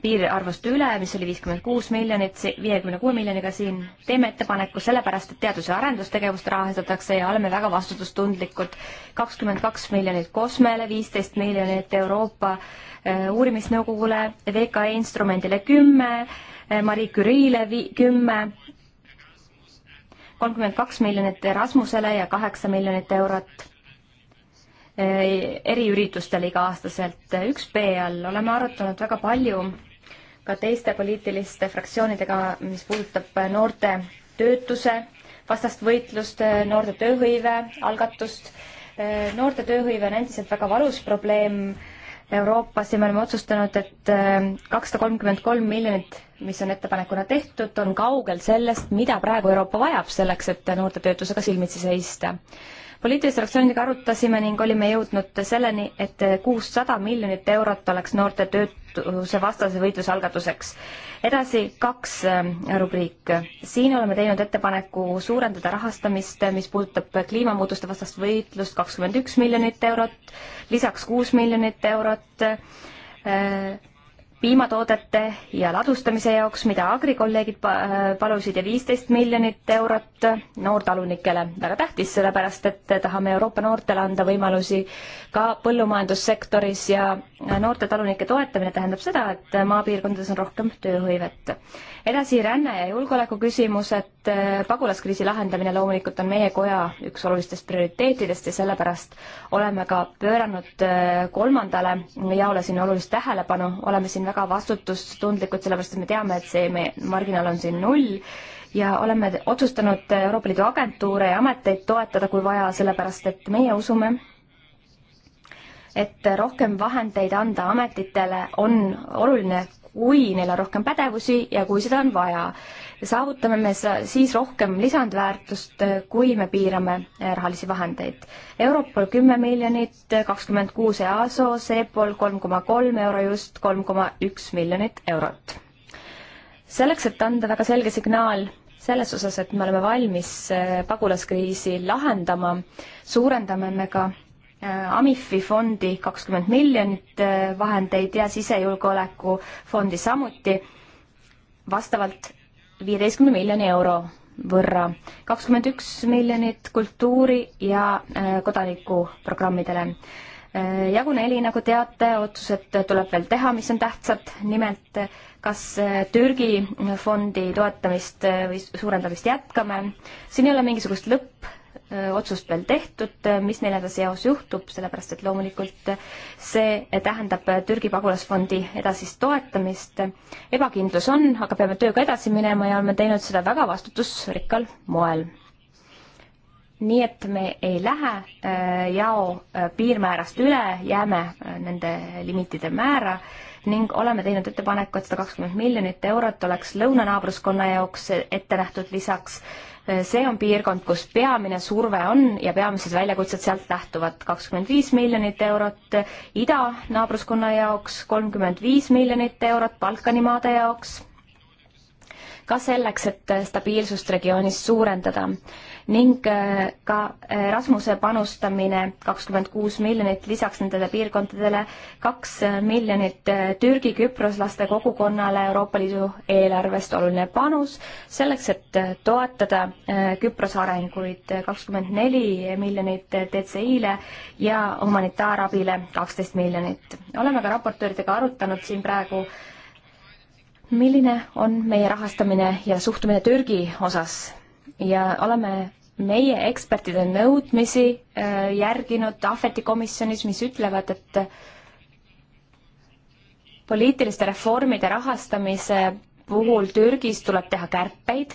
piiriarvust üle, mis oli viiskümmend kuus miljonit, viiekümne kuue miljoniga siin. teeme ettepaneku sellepärast, et teadus- ja arendustegevust rahastatakse ja oleme väga vastutustundlikud. kakskümmend kaks miljonit Kosmele, viisteist miljonit Euroopa äh, uurimisnõukogule, VKE instrumendile kümme, äh, Marie Curie'le kümme, kolmkümmend kaks miljonit Erasmusele ja kaheksa miljonit eurot eriüritustel iga-aastaselt. üks B all oleme arutanud väga palju ka teiste poliitiliste fraktsioonidega, mis puudutab noorte töötuse vastast võitlust, noorte tööhõive algatust. noorte tööhõive on endiselt väga valus probleem Euroopas ja me oleme otsustanud, et kakssada kolmkümmend kolm miljonit, mis on ettepanekuna tehtud, on kaugel sellest, mida praegu Euroopa vajab selleks, et noorte töötusega silmitsi seista poliitiliste fraktsioonidega arutasime ning olime jõudnud selleni, et kuussada miljonit eurot oleks noorte töötuse vastase võitluse algatuseks. edasi kaks ähm, rubriik. siin oleme teinud ettepaneku suurendada rahastamist, mis puudutab kliimamuutuste vastast võitlust kakskümmend üks miljonit eurot, lisaks kuus miljonit eurot äh, piimatoodete ja ladustamise jaoks, mida agrikolleegid palusid ja viisteist miljonit eurot noortalunikele. väga tähtis, sellepärast et tahame Euroopa noortele anda võimalusi ka põllumajandussektoris ja noorte talunike toetamine tähendab seda, et maapiirkondades on rohkem tööhõivet. edasi ränne ja julgeoleku küsimused, pagulaskriisi lahendamine loomulikult on meie koja üks olulistest prioriteetidest ja sellepärast oleme ka pööranud kolmandale jaole siin olulist tähelepanu, oleme siin väga vastutustundlikud, sellepärast et me teame, et see me, marginaal on siin null ja oleme otsustanud Euroopa Liidu agentuure ja ameteid toetada, kui vaja, sellepärast et meie usume, et rohkem vahendeid anda ametitele on oluline kui neil on rohkem pädevusi ja kui seda on vaja. saavutame me siis rohkem lisandväärtust, äh, kui me piirame äh, rahalisi vahendeid. Europol kümme miljonit, kakskümmend kuus EASO, Seepol kolm koma kolm euro just, kolm koma üks miljonit eurot. selleks, et anda väga selge signaal selles osas, et me oleme valmis äh, pagulaskriisi lahendama, suurendame me ka Äh, Amifi fondi kakskümmend miljonit äh, vahendeid ja sisejulgeoleku fondi samuti vastavalt viieteistkümne miljoni euro võrra, kakskümmend üks miljonit kultuuri ja äh, kodanikuprogrammidele. jagu neli, nagu teate, otsused tuleb veel teha, mis on tähtsad, nimelt kas Türgi fondi toetamist või suurendamist jätkame, siin ei ole mingisugust lõpp Äh, otsust veel tehtud, äh, mis neljaga seos juhtub, sellepärast et loomulikult äh, see tähendab Türgi pagulasfondi edasist toetamist. ebakindlus on, aga peame tööga edasi minema ja oleme teinud seda väga vastutusrikkal moel. nii et me ei lähe jao piirmäärast üle, jääme nende limiitide määra ning oleme teinud ettepaneku, et sada kakskümmend miljonit eurot oleks lõunanaabruskonna jaoks ette nähtud lisaks see on piirkond, kus peamine surve on ja peamised väljakutsed sealt lähtuvad. kakskümmend viis miljonit eurot idanaabruskonna jaoks, kolmkümmend viis miljonit eurot Balkani maade jaoks, ka selleks, et stabiilsust regioonis suurendada ning äh, ka äh, Rasmuse panustamine kakskümmend kuus miljonit, lisaks nendele piirkondadele kaks äh, miljonit Türgi küproslaste kogukonnale Euroopa Liidu eelarvest oluline panus selleks, et toetada Küprose arenguid kakskümmend neli miljonit DCI-le ja humanitaarabile kaksteist miljonit. oleme ka raportööridega arutanud siin praegu milline on meie rahastamine ja suhtumine Türgi osas ja oleme meie ekspertide nõudmisi äh, järginud ahvetikomisjonis, mis ütlevad, et poliitiliste reformide rahastamise puhul Türgis tuleb teha kärpeid,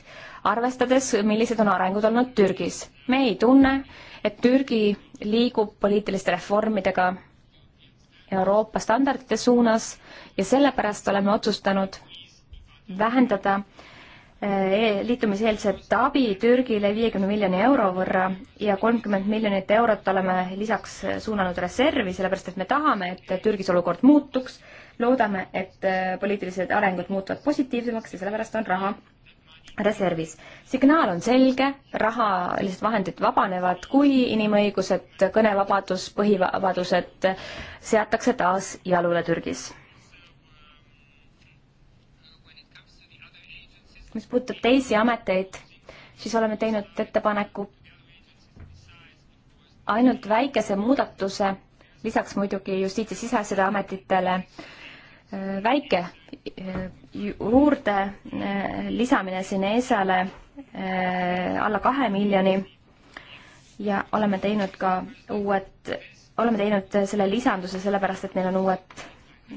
arvestades, millised on arengud olnud Türgis. me ei tunne, et Türgi liigub poliitiliste reformidega Euroopa standardite suunas ja sellepärast oleme otsustanud vähendada liitumiseelset abi Türgile viiekümne miljoni euro võrra ja kolmkümmend miljonit eurot oleme lisaks suunanud reservi, sellepärast et me tahame, et Türgis olukord muutuks. loodame, et äh, poliitilised arengud muutuvad positiivsemaks ja sellepärast on raha reservis. signaal on selge, rahalised vahendid vabanevad, kui inimõigused, kõnevabadus, põhivabadused seatakse taas jalule Türgis mis puudutab teisi ameteid, siis oleme teinud ettepaneku ainult väikese muudatuse, lisaks muidugi justiits- ja siseasjade ametitele äh, väike äh, juurde äh, lisamine Sinesale alla kahe miljoni ja oleme teinud ka uued, oleme teinud selle lisanduse sellepärast, et meil on uued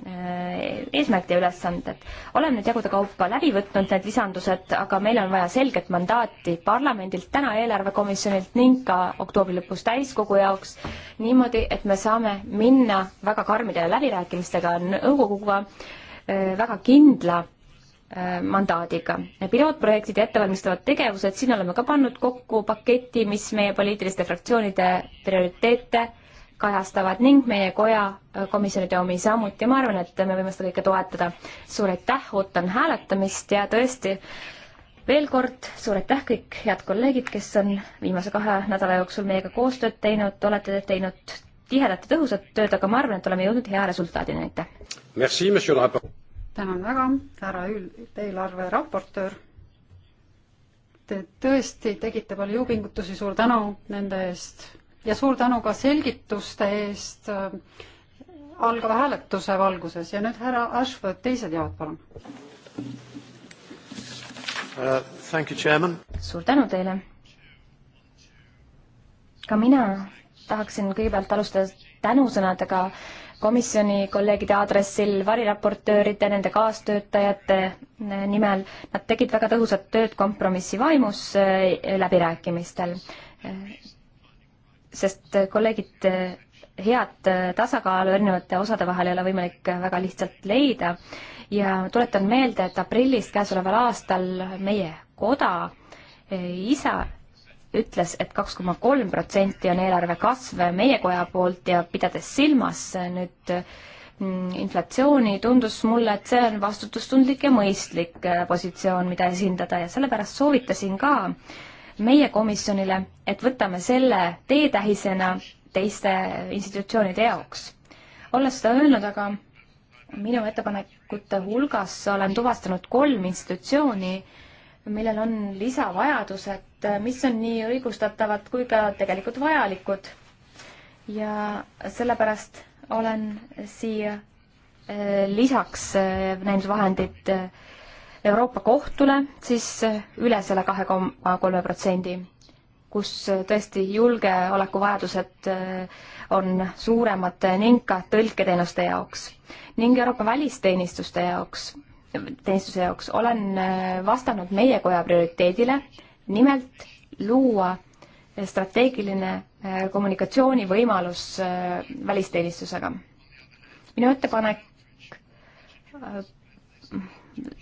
Äh, eesmärkide ülesanded. oleme nüüd jagude kaupa läbi võtnud need lisandused, aga meil on vaja selget mandaati parlamendilt, täna eelarvekomisjonilt ning ka oktoobri lõpus täiskogu jaoks, niimoodi, et me saame minna väga karmidele läbirääkimistega nõukoguga äh, väga kindla äh, mandaadiga. pilootprojektid ja ettevalmistavad tegevused, siin oleme ka pannud kokku paketi, mis meie poliitiliste fraktsioonide prioriteete kajastavad ning meie koja äh, komisjonide omi samuti, ma arvan, et me võime seda kõike toetada. suur aitäh, ootan hääletamist ja tõesti, veel kord suur aitäh kõik head kolleegid, kes on viimase kahe nädala jooksul meiega koostööd teinud, olete teinud tihedat ja tõhusat tööd, aga ma arvan, et oleme jõudnud hea resultaadini, aitäh! tänan väga, härra üldeelarve raportöör. Te tõesti tegite palju jõupingutusi, suur tänu nende eest ja suur tänu ka selgituste eest äh, algava hääletuse valguses ja nüüd härra Ashford, teised javad, palun uh,. suur tänu teile. ka mina tahaksin kõigepealt alustada tänusõnadega komisjoni kolleegide aadressil, variraportööride, nende kaastöötajate nimel. Nad tegid väga tõhusat tööd kompromissi vaimus äh, läbirääkimistel sest kolleegid, head tasakaalu erinevate osade vahel ei ole võimalik väga lihtsalt leida ja tuletan meelde, et aprillist käesoleval aastal meie koda eh, isa ütles et, et kaks koma kolm protsenti on eelarve kasv meie koja poolt ja pidades silmas nüüd mm, inflatsiooni, tundus mulle, et see on vastutustundlik ja mõistlik eh, positsioon, mida esindada ja sellepärast soovitasin ka äh, meie komisjonile, et võtame selle teetähisena teiste institutsioonide jaoks. olles seda öelnud, aga minu ettepanekute hulgas olen tuvastanud kolm institutsiooni, millel on lisavajadused, mis on nii õigustatavad kui ka tegelikult vajalikud. ja sellepärast olen siia eh, lisaks eh, näinud vahendid äh, Euroopa Kohtule, siis üle selle kahe koma kolme protsendi, kus tõesti julgeolekuvajadused eh, on suuremad ning ka tõlketeenuste jaoks ning Euroopa välisteenistuste jaoks, teenistuse jaoks olen eh, vastanud meie koja prioriteedile, nimelt luua strateegiline eh, kommunikatsioonivõimalus välisteenistusega. minu ettepanek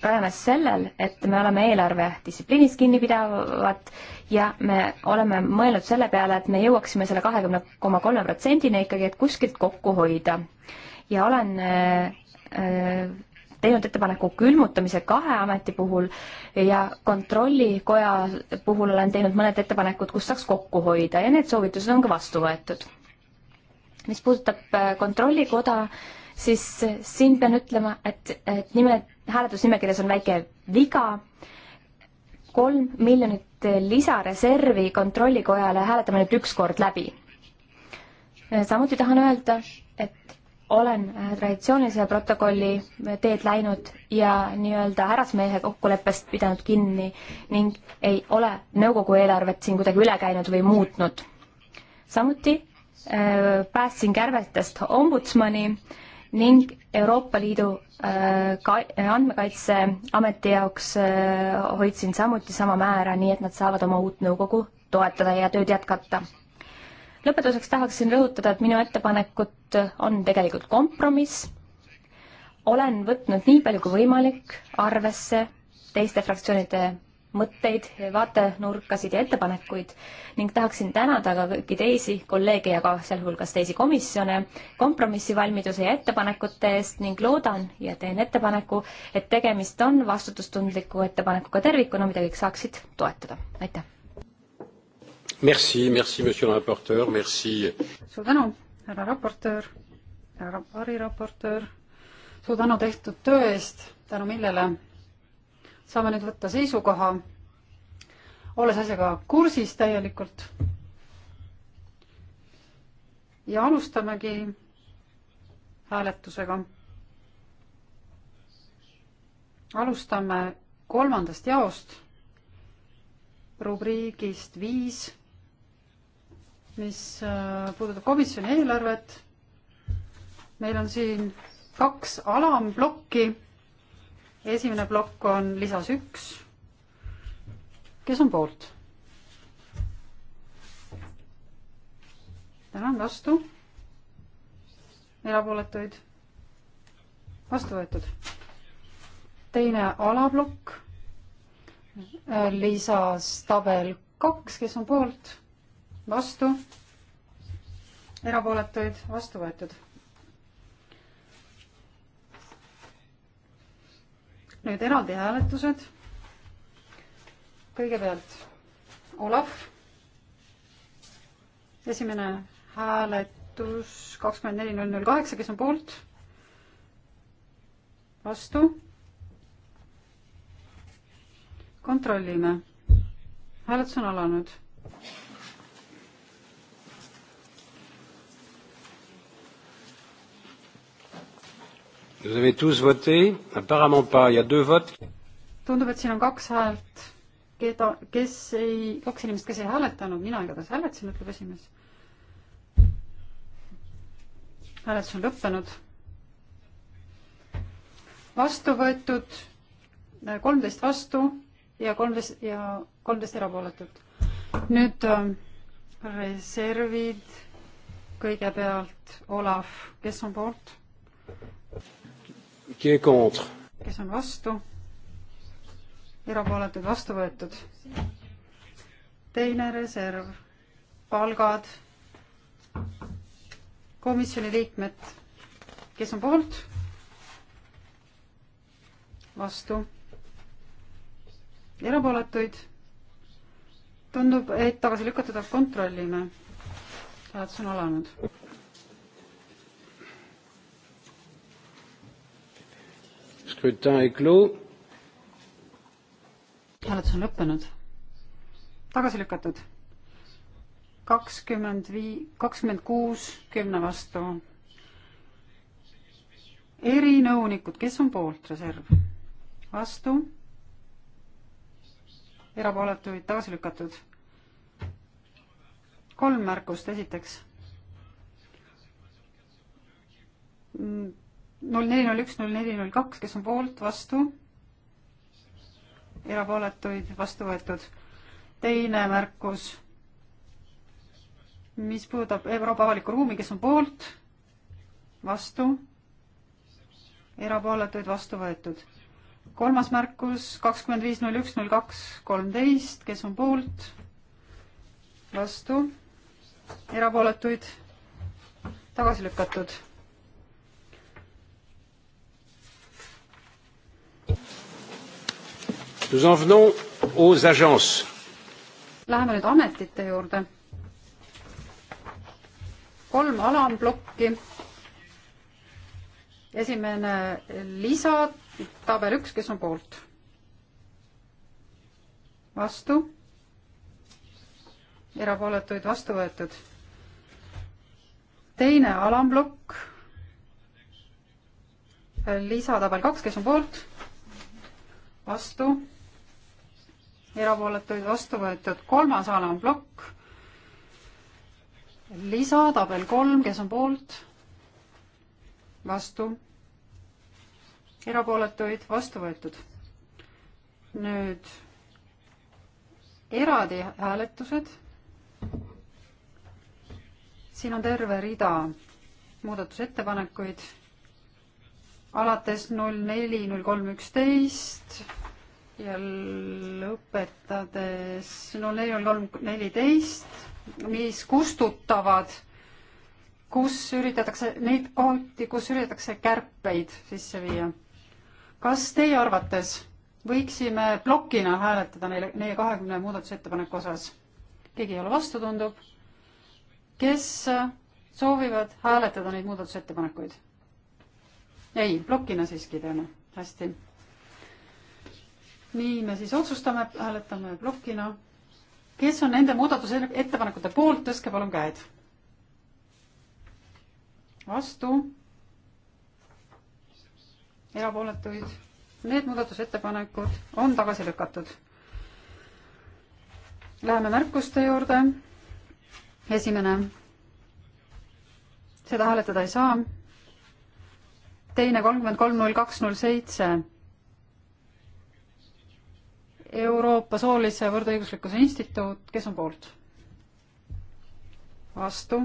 rajanes sellel, et me oleme eelarvedistsipliinis kinnipidavad ja me oleme mõelnud selle peale, et me jõuaksime selle kahekümne koma kolme protsendini ikkagi, et kuskilt kokku hoida. ja olen äh, äh, teinud ettepaneku külmutamise kahe ameti puhul ja kontrollikoja puhul olen teinud mõned ettepanekud, kus saaks kokku hoida ja need soovitused on ka vastu võetud. mis puudutab äh, kontrollikoda, siis siin pean ütlema, et, et nimed hääletusnimekirjas on väike viga, kolm miljonit lisareservi kontrollikojale hääletame nüüd üks kord läbi. samuti tahan öelda, et olen traditsioonilise protokolli teed läinud ja nii-öelda härrasmehe kokkuleppest pidanud kinni ning ei ole nõukogu eelarvet siin kuidagi üle käinud või muutnud. samuti äh, päästsin kärvetest ombudsmani äh, ning Euroopa Liidu äh, ka-, Andmekaitseameti jaoks hoidsin äh, samuti sama määra, nii et nad saavad oma uut nõukogu toetada ja tööd jätkata. lõpetuseks tahaksin rõhutada, et minu ettepanekut on tegelikult kompromiss, olen võtnud nii palju kui võimalik arvesse teiste fraktsioonide mõtteid, vaatenurkasid ja ettepanekuid ning tahaksin tänada ka kõiki teisi kolleege ja ka sealhulgas teisi komisjone kompromissivalmiduse ja ettepanekute eest ning loodan ja teen ettepaneku, et tegemist on vastutustundliku ettepanekuga tervikuna, mida kõik saaksid toetada. aitäh! Merci, merci, monsieur le rapporteur, merci! suur tänu, härra raportöör, härra variraportöör, suur tänu tehtud töö eest, tänu millele saame nüüd võtta seisukoha, olles asjaga kursis täielikult. ja alustamegi hääletusega. alustame kolmandast jaost, rubriigist viis, mis äh, puudutab komisjoni eelarvet. meil on siin kaks alamplokki esimene plokk on lisas üks. kes on poolt? tänan, vastu. erapooletuid? vastu võetud. teine alaplokk, lisas tabel kaks, kes on poolt, vastu, erapooletuid, vastu võetud nüüd eraldi hääletused. kõigepealt Olav. esimene hääletus kakskümmend neli null null kaheksa, kes on poolt? vastu? kontrollime. hääletus on alanud Vous avez tous voté? Apparemment pas. Il y a deux votes. tundub, et siin on kaks häält, keda, kes ei, kaks inimest, kes ei hääletanud, mina igatahes hääletasin, ütleb esimees. hääletus on lõppenud. vastu võetud äh, kolmteist vastu ja kolmteist ja kolmteist erapooletut. nüüd äh, reservid, kõigepealt Olav, kes on poolt? kes on vastu? erapooletud vastu võetud. teine reserv, palgad, komisjoni liikmed, kes on poolt? vastu? erapooletuid? tundub, et tagasi lükatud, aga kontrollime. hääletus on alanud scrutin est clos. hääletus on lõppenud. tagasi lükatud. kakskümmend vii-, kakskümmend kuus kümne vastu. erinõunikud, kes on poolt, reserv? vastu? erapooletuid tagasi lükatud. kolm märkust, esiteks null neli, null üks, null neli, null kaks, kes on poolt, vastu, erapooletuid, vastu võetud. teine märkus, mis puudutab Euroopa avalikku ruumi, kes on poolt, vastu, erapooletuid, vastu võetud. kolmas märkus, kakskümmend viis, null üks, null kaks, kolmteist, kes on poolt, vastu, erapooletuid, tagasi lükatud Läheme nüüd ametite juurde. kolm alamplokki. esimene lisa, tabel üks, kes on poolt? vastu? erapooletuid vastu võetud. teine alamplokk. lisatabel kaks, kes on poolt? vastu, erapooletuid vastu võetud, kolmas alablokk, lisa tabel kolm, kes on poolt, vastu, erapooletuid vastu võetud. nüüd eraldi hääletused. siin on terve rida muudatusettepanekuid alates null neli, null kolm, üksteist ja lõpetades null neli, null kolm, neliteist, mis kustutavad, kus üritatakse, neid kohti, kus üritatakse kärpeid sisse viia. kas teie arvates võiksime plokina hääletada neile, neie kahekümne muudatusettepaneku osas? keegi ei ole vastu, tundub. kes soovivad hääletada neid muudatusettepanekuid? ei, plokina siiski teeme, hästi. nii me siis otsustame, hääletame plokina. kes on nende muudatusettepanekute poolt, tõstke palun käed. vastu. erapooletuid. Need muudatusettepanekud on tagasi lükatud. Läheme märkuste juurde. esimene. seda hääletada ei saa teine kolmkümmend kolm null kaks null seitse. Euroopa Soolise Võrdõiguslikkuse Instituut, kes on poolt? vastu?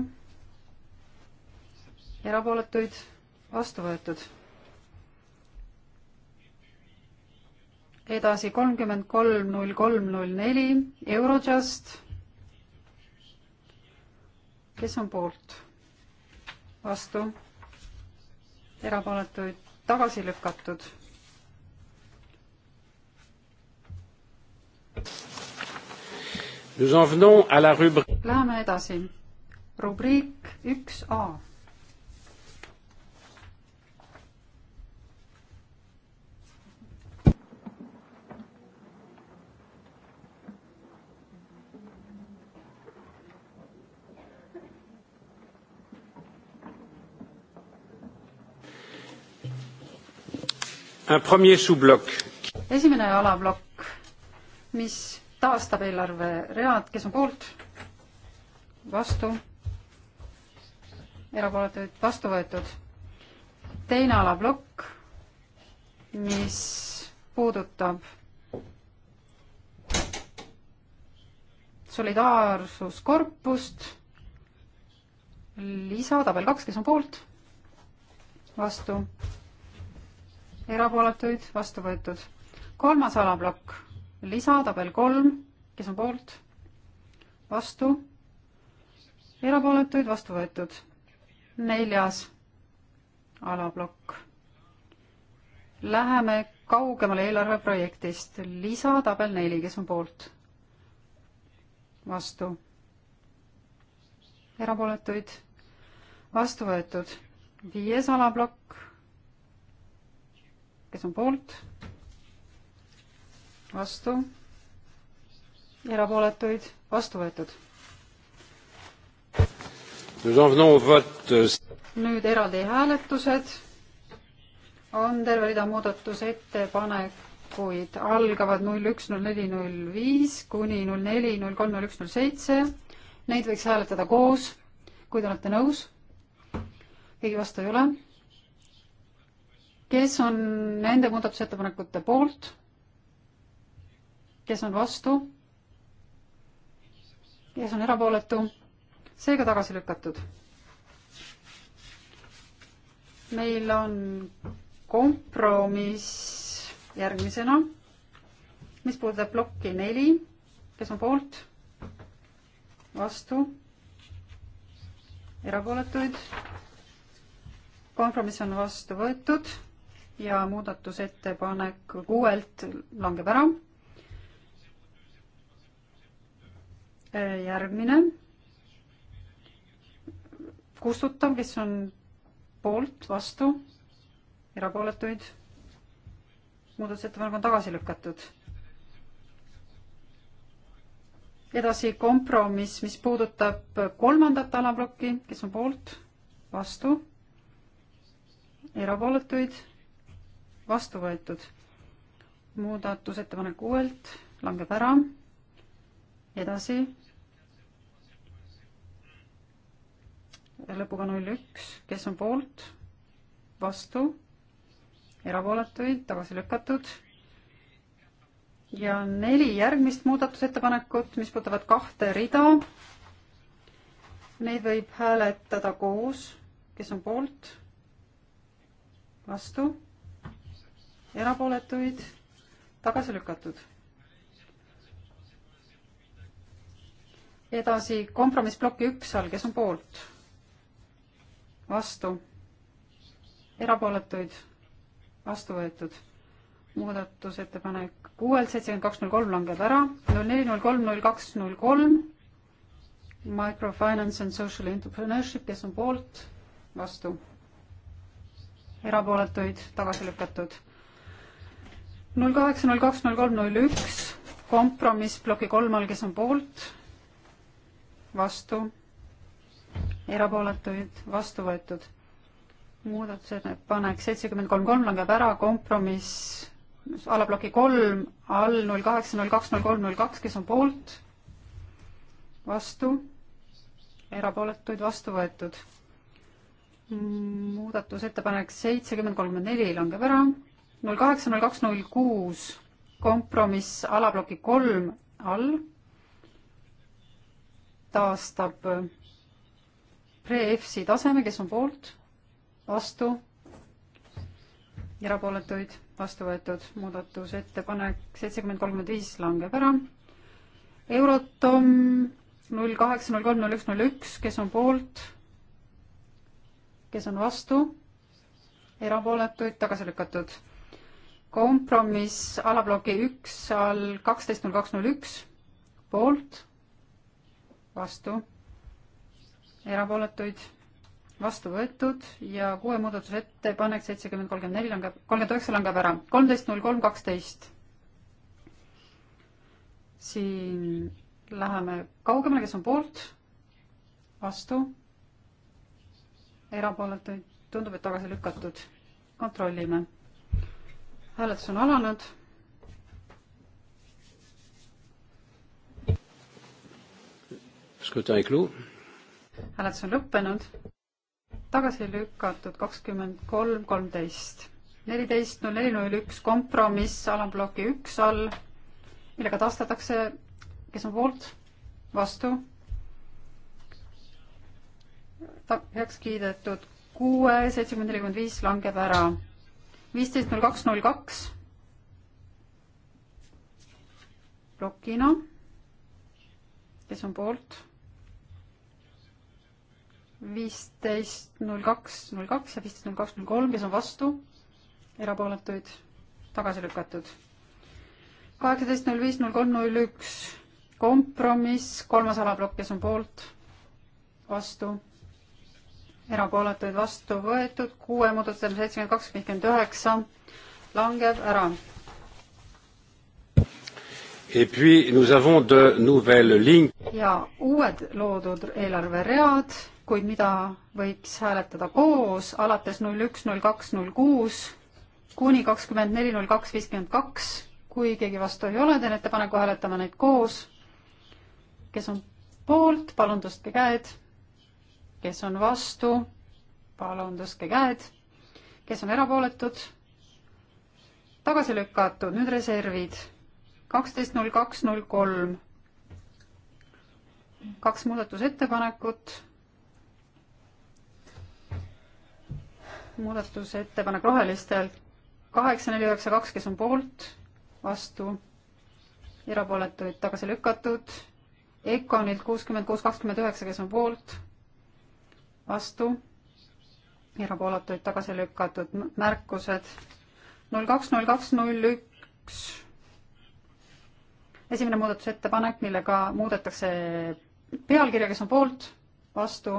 erapooletuid? vastu võetud? edasi kolmkümmend kolm null kolm null neli, Eurojust. kes on poolt? vastu? erapooletuid tagasi lükatud. Läheme edasi. rubriik üks A esimene alablokk, mis taastab eelarveread, kes on poolt, vastu, erapooletuid vastu võetud. teine alablokk, mis puudutab solidaarsuskorpust, lisatabel kaks, kes on poolt, vastu erapooletuid, vastu võetud. kolmas alaplokk, lisatabel kolm, kes on poolt, vastu, erapooletuid, vastu võetud. neljas alaplokk. Läheme kaugemale eelarveprojektist, lisatabel neli, kes on poolt, vastu, erapooletuid, vastu võetud. viies alaplokk kes on poolt, vastu, erapooletuid, vastu võetud. nüüd eraldi hääletused. on terve rida muudatusettepanekuid, algavad null üks, null neli, null viis kuni null neli, null kolm, null üks, null seitse. Neid võiks hääletada koos, kui te olete nõus. keegi vastu ei ole kes on nende muudatusettepanekute poolt? kes on vastu? kes on erapooletu? seega tagasi lükatud. meil on kompromiss järgmisena, mis puudutab plokki neli, kes on poolt, vastu, erapooletuid, kompromiss on vastu võetud ja muudatusettepanek kuuelt langeb ära. järgmine. kustutav, kes on poolt, vastu, erapooletuid. muudatusettepanek on tagasi lükatud. edasi kompromiss, mis puudutab kolmandat alaplokki, kes on poolt, vastu, erapooletuid vastu võetud. muudatusettepanek uuelt langeb ära. edasi. lõpuga null üks, kes on poolt, vastu, erapooletuid, tagasi lükatud. ja neli järgmist muudatusettepanekut, mis puudutavad kahte rida. Neid võib hääletada koos, kes on poolt, vastu erapooletuid, tagasi lükatud. edasi kompromissploki üks all, kes on poolt? vastu? erapooletuid? vastu võetud. muudatusettepanek kuuelt seitsekümmend kaks null kolm langeb ära, null neli, null kolm, null kaks, null kolm. Microfinance and social entrepreneurship, kes on poolt? vastu? erapooletuid? tagasi lükatud null kaheksa, null kaks, null kolm, null üks, kompromiss ploki kolm all, kes on poolt, vastu, erapooletuid, vastu võetud. muudatusettepanek seitsekümmend kolm, kolm langeb ära, kompromiss alaploki kolm all null kaheksa, null kaks, null kolm, null kaks, kes on poolt, vastu, erapooletuid, vastu võetud. muudatusettepanek seitsekümmend kolmkümmend neli langeb ära null kaheksa, null kaks, null kuus, kompromiss alaploki kolm all taastab pre-EFSi taseme, kes on poolt, vastu, erapooletuid, vastu võetud muudatusettepanek seitsekümmend kolmkümmend viis langeb ära. Eurotom null kaheksa, null kolm, null üks, null üks, kes on poolt, kes on vastu, erapooletuid tagasi lükatud kompromiss alabloki üks all kaksteist null kaks null üks poolt, vastu, erapooletuid, vastu võetud ja kuue muudatusettepanek seitsekümmend kolmkümmend neli langeb, kolmkümmend üheksa langeb ära, kolmteist null kolm kaksteist. siin läheme kaugemale, kes on poolt, vastu, erapooletuid, tundub, et tagasi lükatud, kontrollime hääletus on alanud. hääletus on lõppenud. tagasi lükatud kakskümmend kolm, kolmteist, neliteist, null neli, null üks, kompromiss alamploki üks all, millega taastatakse, kes on poolt, vastu ta-, heaks kiidetud kuue, seitsekümmend nelikümmend viis langeb ära viisteist null kaks null kaks plokina, kes on poolt, viisteist null kaks null kaks ja viisteist null kaks null kolm, kes on vastu, erapooletuid tagasi lükatud. kaheksateist null viis null kolm null üks kompromiss, kolmas alaplokk, kes on poolt, vastu erapooletuid vastu võetud, kuue muudatusel seitsekümmend kaks, viiskümmend üheksa langeb ära. Et puis nous avons de nouvelles lignes. ja uued loodud eelarveread, kuid mida võiks hääletada koos alates null üks, null kaks, null kuus kuni kakskümmend neli, null kaks, viiskümmend kaks. kui keegi vastu ei ole, teen ettepaneku hääletama neid koos. kes on poolt, palun tõstke käed kes on vastu, palun tõstke käed, kes on erapooletud, tagasi lükatud, nüüd reservid, kaksteist null kaks null kolm, kaks muudatusettepanekut muudatusettepanek rohelistelt kaheksa, neli, üheksa, kaks, kes on poolt, vastu, erapooletuid tagasi lükatud. EKONilt kuuskümmend kuus, kakskümmend üheksa, kes on poolt, vastu, erapooletuid tagasi lükatud märkused null kaks, null kaks, null üks. esimene muudatusettepanek, millega muudetakse pealkirja, kes on poolt, vastu,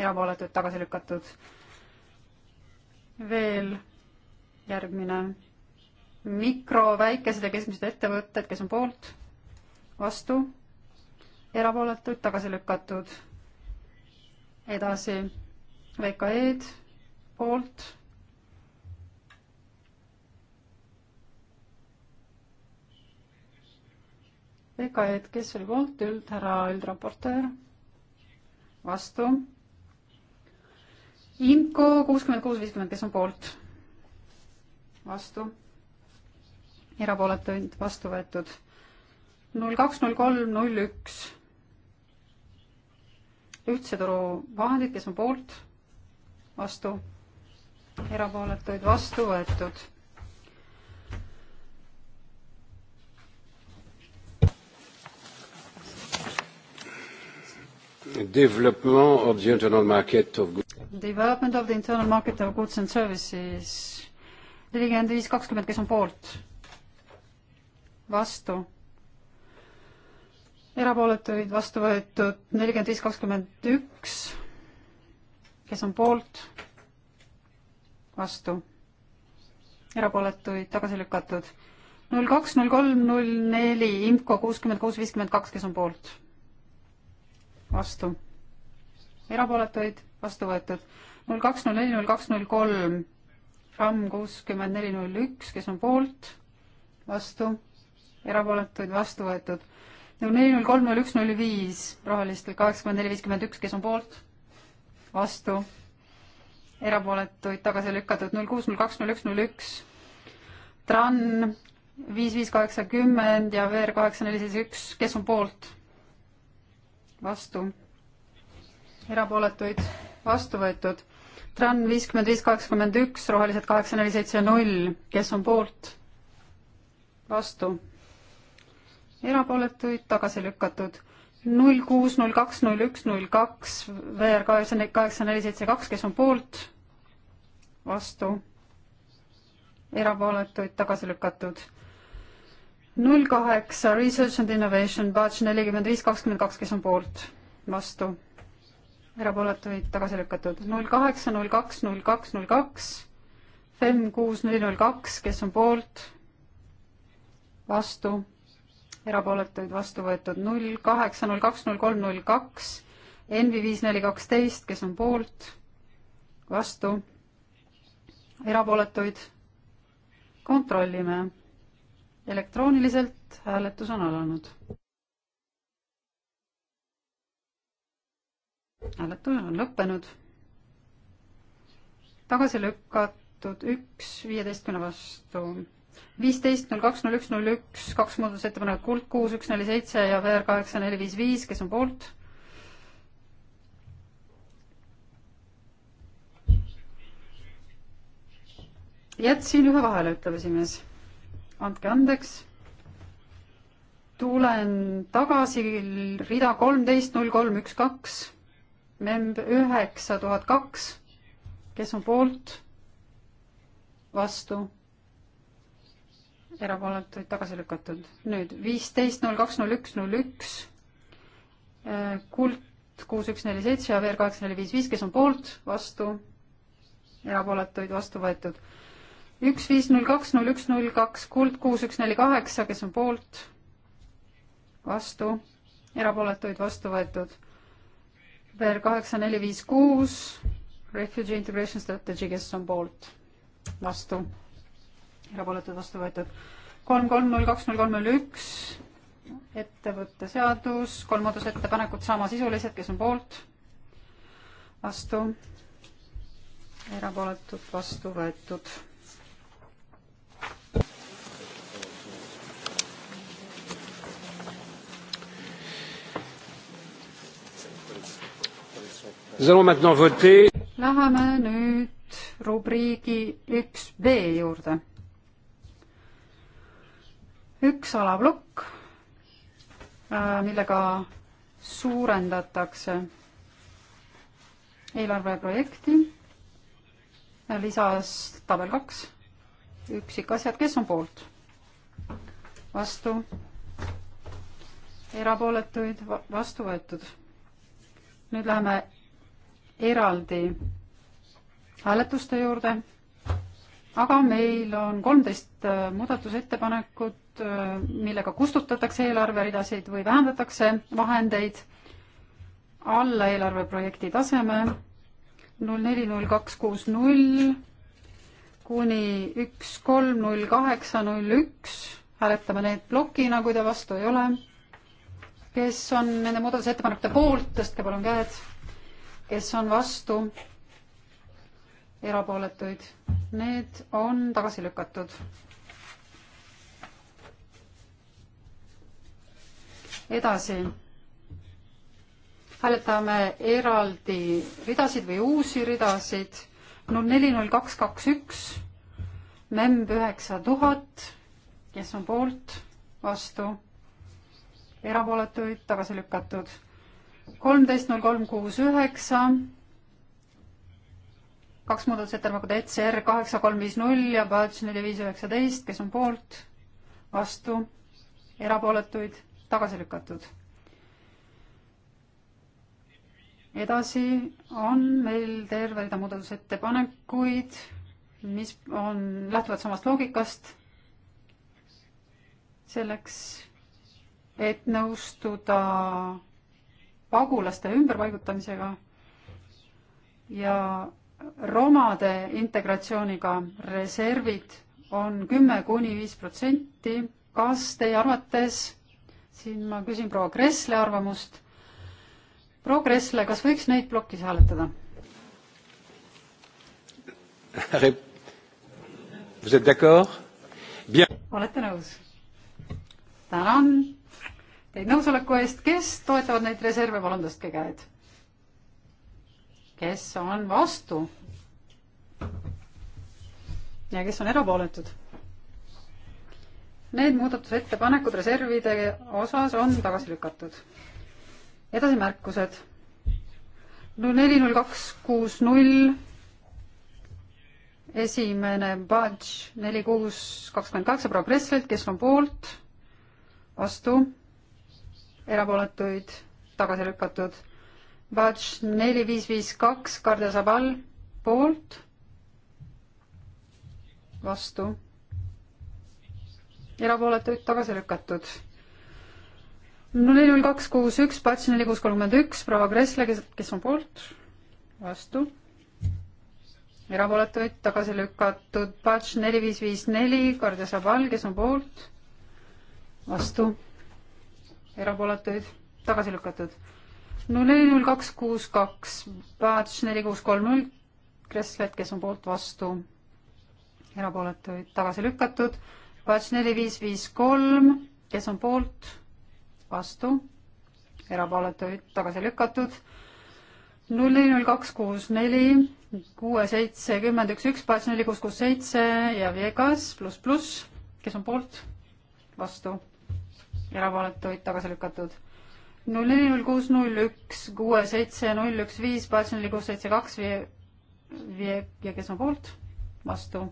erapooletuid tagasi lükatud. veel järgmine mikro, väikesed ja keskmised ettevõtted, kes on poolt, vastu, erapooletuid tagasi lükatud edasi VKE-d poolt. VKE-d, kes oli poolt, üld, härra üldraportöör, vastu. IMCO kuuskümmend kuus, viiskümmend, kes on poolt? vastu. erapooletuid vastu võetud null kaks, null kolm, null üks ühtse turu vahendid, kes on poolt, vastu, erapooletuid vastu võetud. Development of the internal market of goods. Development of the internal market of goods and services. nelikümmend viis kakskümmend, kes on poolt? vastu erapooletuid vastu võetud nelikümmend viis, kakskümmend üks, kes on poolt, vastu, erapooletuid tagasi lükatud, null kaks, null kolm, null neli, IMCO kuuskümmend kuus, viiskümmend kaks, kes on poolt, vastu, erapooletuid vastu võetud, null kaks, null neli, null kaks, null kolm, FRAM kuuskümmend neli, null üks, kes on poolt, vastu, erapooletuid vastu võetud neli null kolm, null üks, null viis rohelistel kaheksakümmend neli, viiskümmend üks, kes on poolt, vastu, erapooletuid tagasi lükatud null kuus, null kaks, null üks, null üks, TRAN viis, viis, kaheksakümmend ja VR kaheksa, neli, seitse, üks, kes on poolt, vastu, erapooletuid vastu võetud, TRAN viiskümmend viis, kaheksakümmend üks, rohelised kaheksa, neli, seitse, null, kes on poolt, vastu erapooletuid tagasi lükatud. null kuus, null kaks, null üks, null kaks, VR kaheksa, kaheksa, neli, seitse, kaks, kes on poolt, vastu, erapooletuid tagasi lükatud. null kaheksa, Research and Innovation, batch nelikümmend viis, kakskümmend kaks, kes on poolt, vastu, erapooletuid tagasi lükatud. null kaheksa, null kaks, null kaks, null kaks, FEM kuus, neli, null kaks, kes on poolt, vastu erapooletuid vastu võetud null, kaheksa, null kaks, null kolm, null kaks, NV viis neli kaksteist, kes on poolt, vastu, erapooletuid kontrollime. elektrooniliselt hääletus on alanud. hääletus on lõppenud. tagasi lükatud üks viieteistkümne vastu viisteist, null kaks, null üks, null üks, kaks muudatusettepanekut, kuld kuus, üks, neli, seitse ja VR kaheksa, neli, viis, viis, kes on poolt? jätsin ühe vahele, ütleb esimees. andke andeks. tulen tagasi rida kolmteist, null kolm, üks, kaks, memb üheksa tuhat kaks, kes on poolt? vastu erapooletuid tagasi lükatud. nüüd viisteist, null kaks, null üks, null üks, äh, kuld kuus, üks, neli, seitse ja veel kaheksa, neli, viis, viis, kes on poolt, vastu, erapooletuid vastu võetud. üks, viis, null kaks, null üks, null kaks, kuld kuus, üks, neli, kaheksa, kes on poolt, vastu, erapooletuid vastu võetud. veel kaheksa, neli, viis, kuus, Refugee Integration Strategy, kes on poolt, vastu erapooletud vastu võetud. kolm, kolm, null kaks, null kolm, null üks, ettevõtte seadus, kolm muudatusettepanekut samasisulised, kes on poolt, vastu, erapooletud vastu võetud. Läheme nüüd rubriigi üks B juurde üks alaplokk, äh, millega suurendatakse eelarveprojekti, lisas tabel kaks, üksikasjad, kes on poolt? vastu? erapooletuid vastu võetud. nüüd läheme eraldi hääletuste juurde, aga meil on kolmteist äh, muudatusettepanekut Äh, millega kustutatakse eelarveridasid või vähendatakse vahendeid alla eelarveprojekti taseme null neli null kaks kuus null kuni üks kolm null kaheksa null üks, hääletame need plokina, kui te vastu ei ole. kes on nende muudatusettepanekute poolt, tõstke palun käed. kes on vastu? erapooletuid, need on tagasi lükatud edasi hääletame eraldi ridasid või uusi ridasid. null neli, null kaks, kaks, üks, memb üheksa tuhat, kes on poolt, vastu, erapooletuid, tagasi lükatud. kolmteist, null kolm, kuus, üheksa, kaks muudatusettepanekut, ECR kaheksa, kolm, viis, null ja Batch neli, viis, üheksateist, kes on poolt, vastu, erapooletuid tagasi lükatud. edasi on meil terve rida muudatusettepanekuid, mis on, lähtuvad samast loogikast. selleks, et nõustuda pagulaste ümberpaigutamisega ja romade integratsiooniga reservid on kümme kuni viis protsenti. kas teie arvates siin ma küsin proua Kressle arvamust. proua Kressle, kas võiks neid plokis hääletada? olete nõus? tänan teid nõusoleku eest, kes toetavad neid reserve, palun tõstke käed. kes on vastu? ja kes on erapooletud? Need muudatusettepanekud reservide osas on tagasi lükatud. edasi märkused. null neli, null kaks, kuus, null. esimene badge neli, kuus, kakskümmend kaheksa progressilt, kes on poolt, vastu, erapooletuid, tagasi lükatud. Badge neli, viis, viis, kaks, Kardia Sabal, poolt, vastu erapooletuid tagasi lükatud. neli null kaks kuus üks, Pats neli kuus kolmkümmend üks, proua Kressle, kes, kes on poolt, vastu, erapooletuid tagasi lükatud, Pats neli viis viis neli, Kardia Sabal, kes on poolt, vastu, erapooletuid tagasi lükatud. no neli null kaks kuus kaks, Pats neli kuus kolm null, Kresslet, kes on poolt, vastu, erapooletuid tagasi lükatud Pats neli, viis, viis, kolm, kes on poolt, vastu, erapooletuid tagasi lükatud. null, neli, null, kaks, kuus, neli, kuue, seitse, kümmend, üks, üks, pats neli, kuus, kuus, seitse ja Vegas pluss, pluss, kes on poolt, vastu, erapooletuid tagasi lükatud. null, neli, null, kuus, null, üks, kuue, seitse, null, üks, viis, pats neli, kuus, seitse, kaks, viie, viie ja kes on poolt, vastu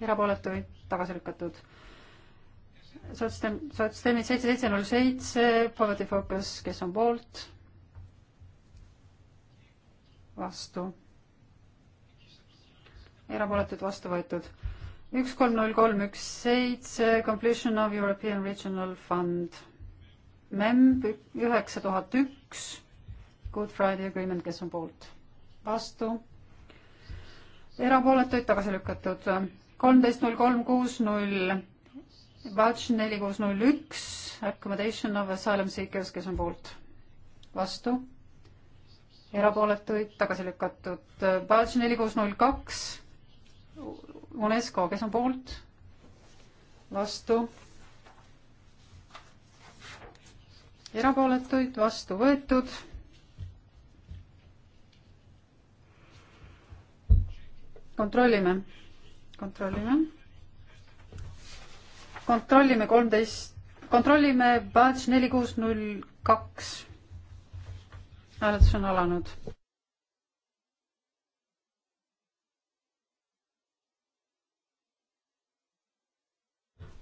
erapooletuid, tagasi lükatud. sotsdem-, sotsdemid seitse, seitse, null seitse, Poverty Focus, kes on poolt? vastu. erapooletud, vastu võetud. üks, kolm, null, kolm, üks, seitse, Completion of European Regional Fund. MEM üheksa tuhat üks, Good Friday Agreement, kes on poolt? vastu. erapooletuid, tagasi lükatud kolmteist null kolm kuus null, Vatš neli kuus null üks, Accommodation of Asylum Seekers, kes on poolt, vastu, erapooletuid tagasi lükatud, Vatš neli kuus null kaks, UNESCO, kes on poolt, vastu, erapooletuid, vastu võetud kontrollime kontrollime. kontrollime kolmteist, kontrollime batch neli, kuus, null, kaks. hääletus on alanud.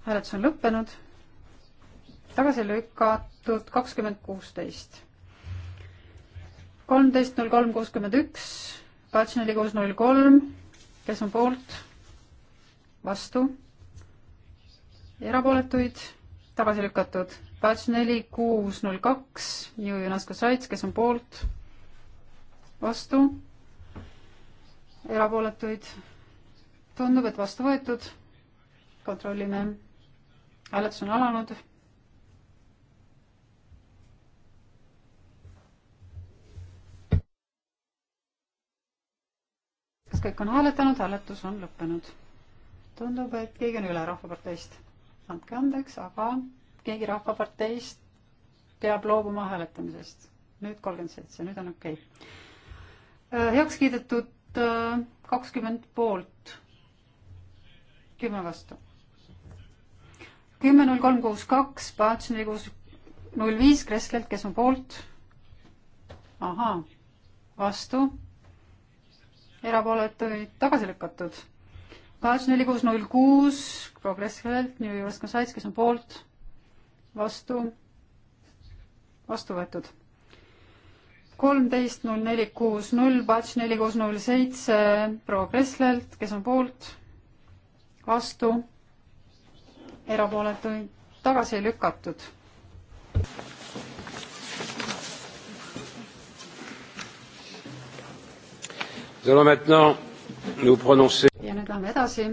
hääletus on lõppenud. tagasi lükatud kakskümmend kuusteist. kolmteist null kolm kuuskümmend üks, batch neli kuus null kolm, kes on poolt, vastu, erapooletuid, tagasi lükatud. Batch neli, kuus, null, kaks, New Unesco Sites, kes on poolt, vastu, erapooletuid, tundub, et vastu võetud, kontrollime, hääletus on alanud kas kõik on hääletanud, hääletus on lõppenud tundub, et keegi on üle Rahvaparteist. andke andeks, aga keegi Rahvaparteist peab loobuma hääletamisest. nüüd kolmkümmend seitse, nüüd on okei okay.. Äh, heaks kiidetud äh, kakskümmend poolt, kümme vastu. kümme null kolm kuus kaks, Paats neli kuus null viis Kresslelt, kes on poolt. ahaa, vastu erapooletuid tagasi lükatud kaheksa, neli, kuus, null, kuus, Progressivelt, New York Consults, kes on poolt, vastu, vastu võetud. kolmteist, null, neli, kuus, null, Batch neli, kuus, null, seitse, Progressivelt, kes on poolt, vastu, erapooletuid tagasi lükatud. Nous allons maintenant nous prononcer ja nüüd läheme edasi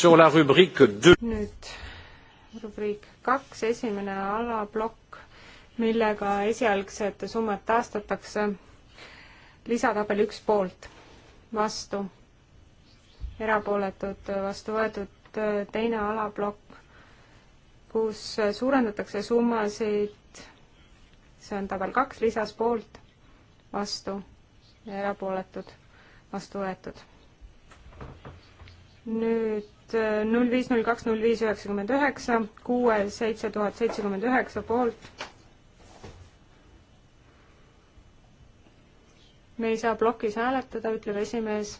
Sur la rubrique 2. nüüd rubriik kaks, esimene alaplokk, millega esialgsed summad taastatakse. lisatabel üks poolt, vastu, erapooletud, vastu võetud, teine alaplokk, kus suurendatakse summasid, see on tabel kaks, lisas poolt, vastu, erapooletud, vastu võetud nüüd äh, null viis, null kaks, null viis, üheksakümmend üheksa, kuue, seitse tuhat seitsekümmend üheksa poolt. me ei saa plokis hääletada, ütleb esimees,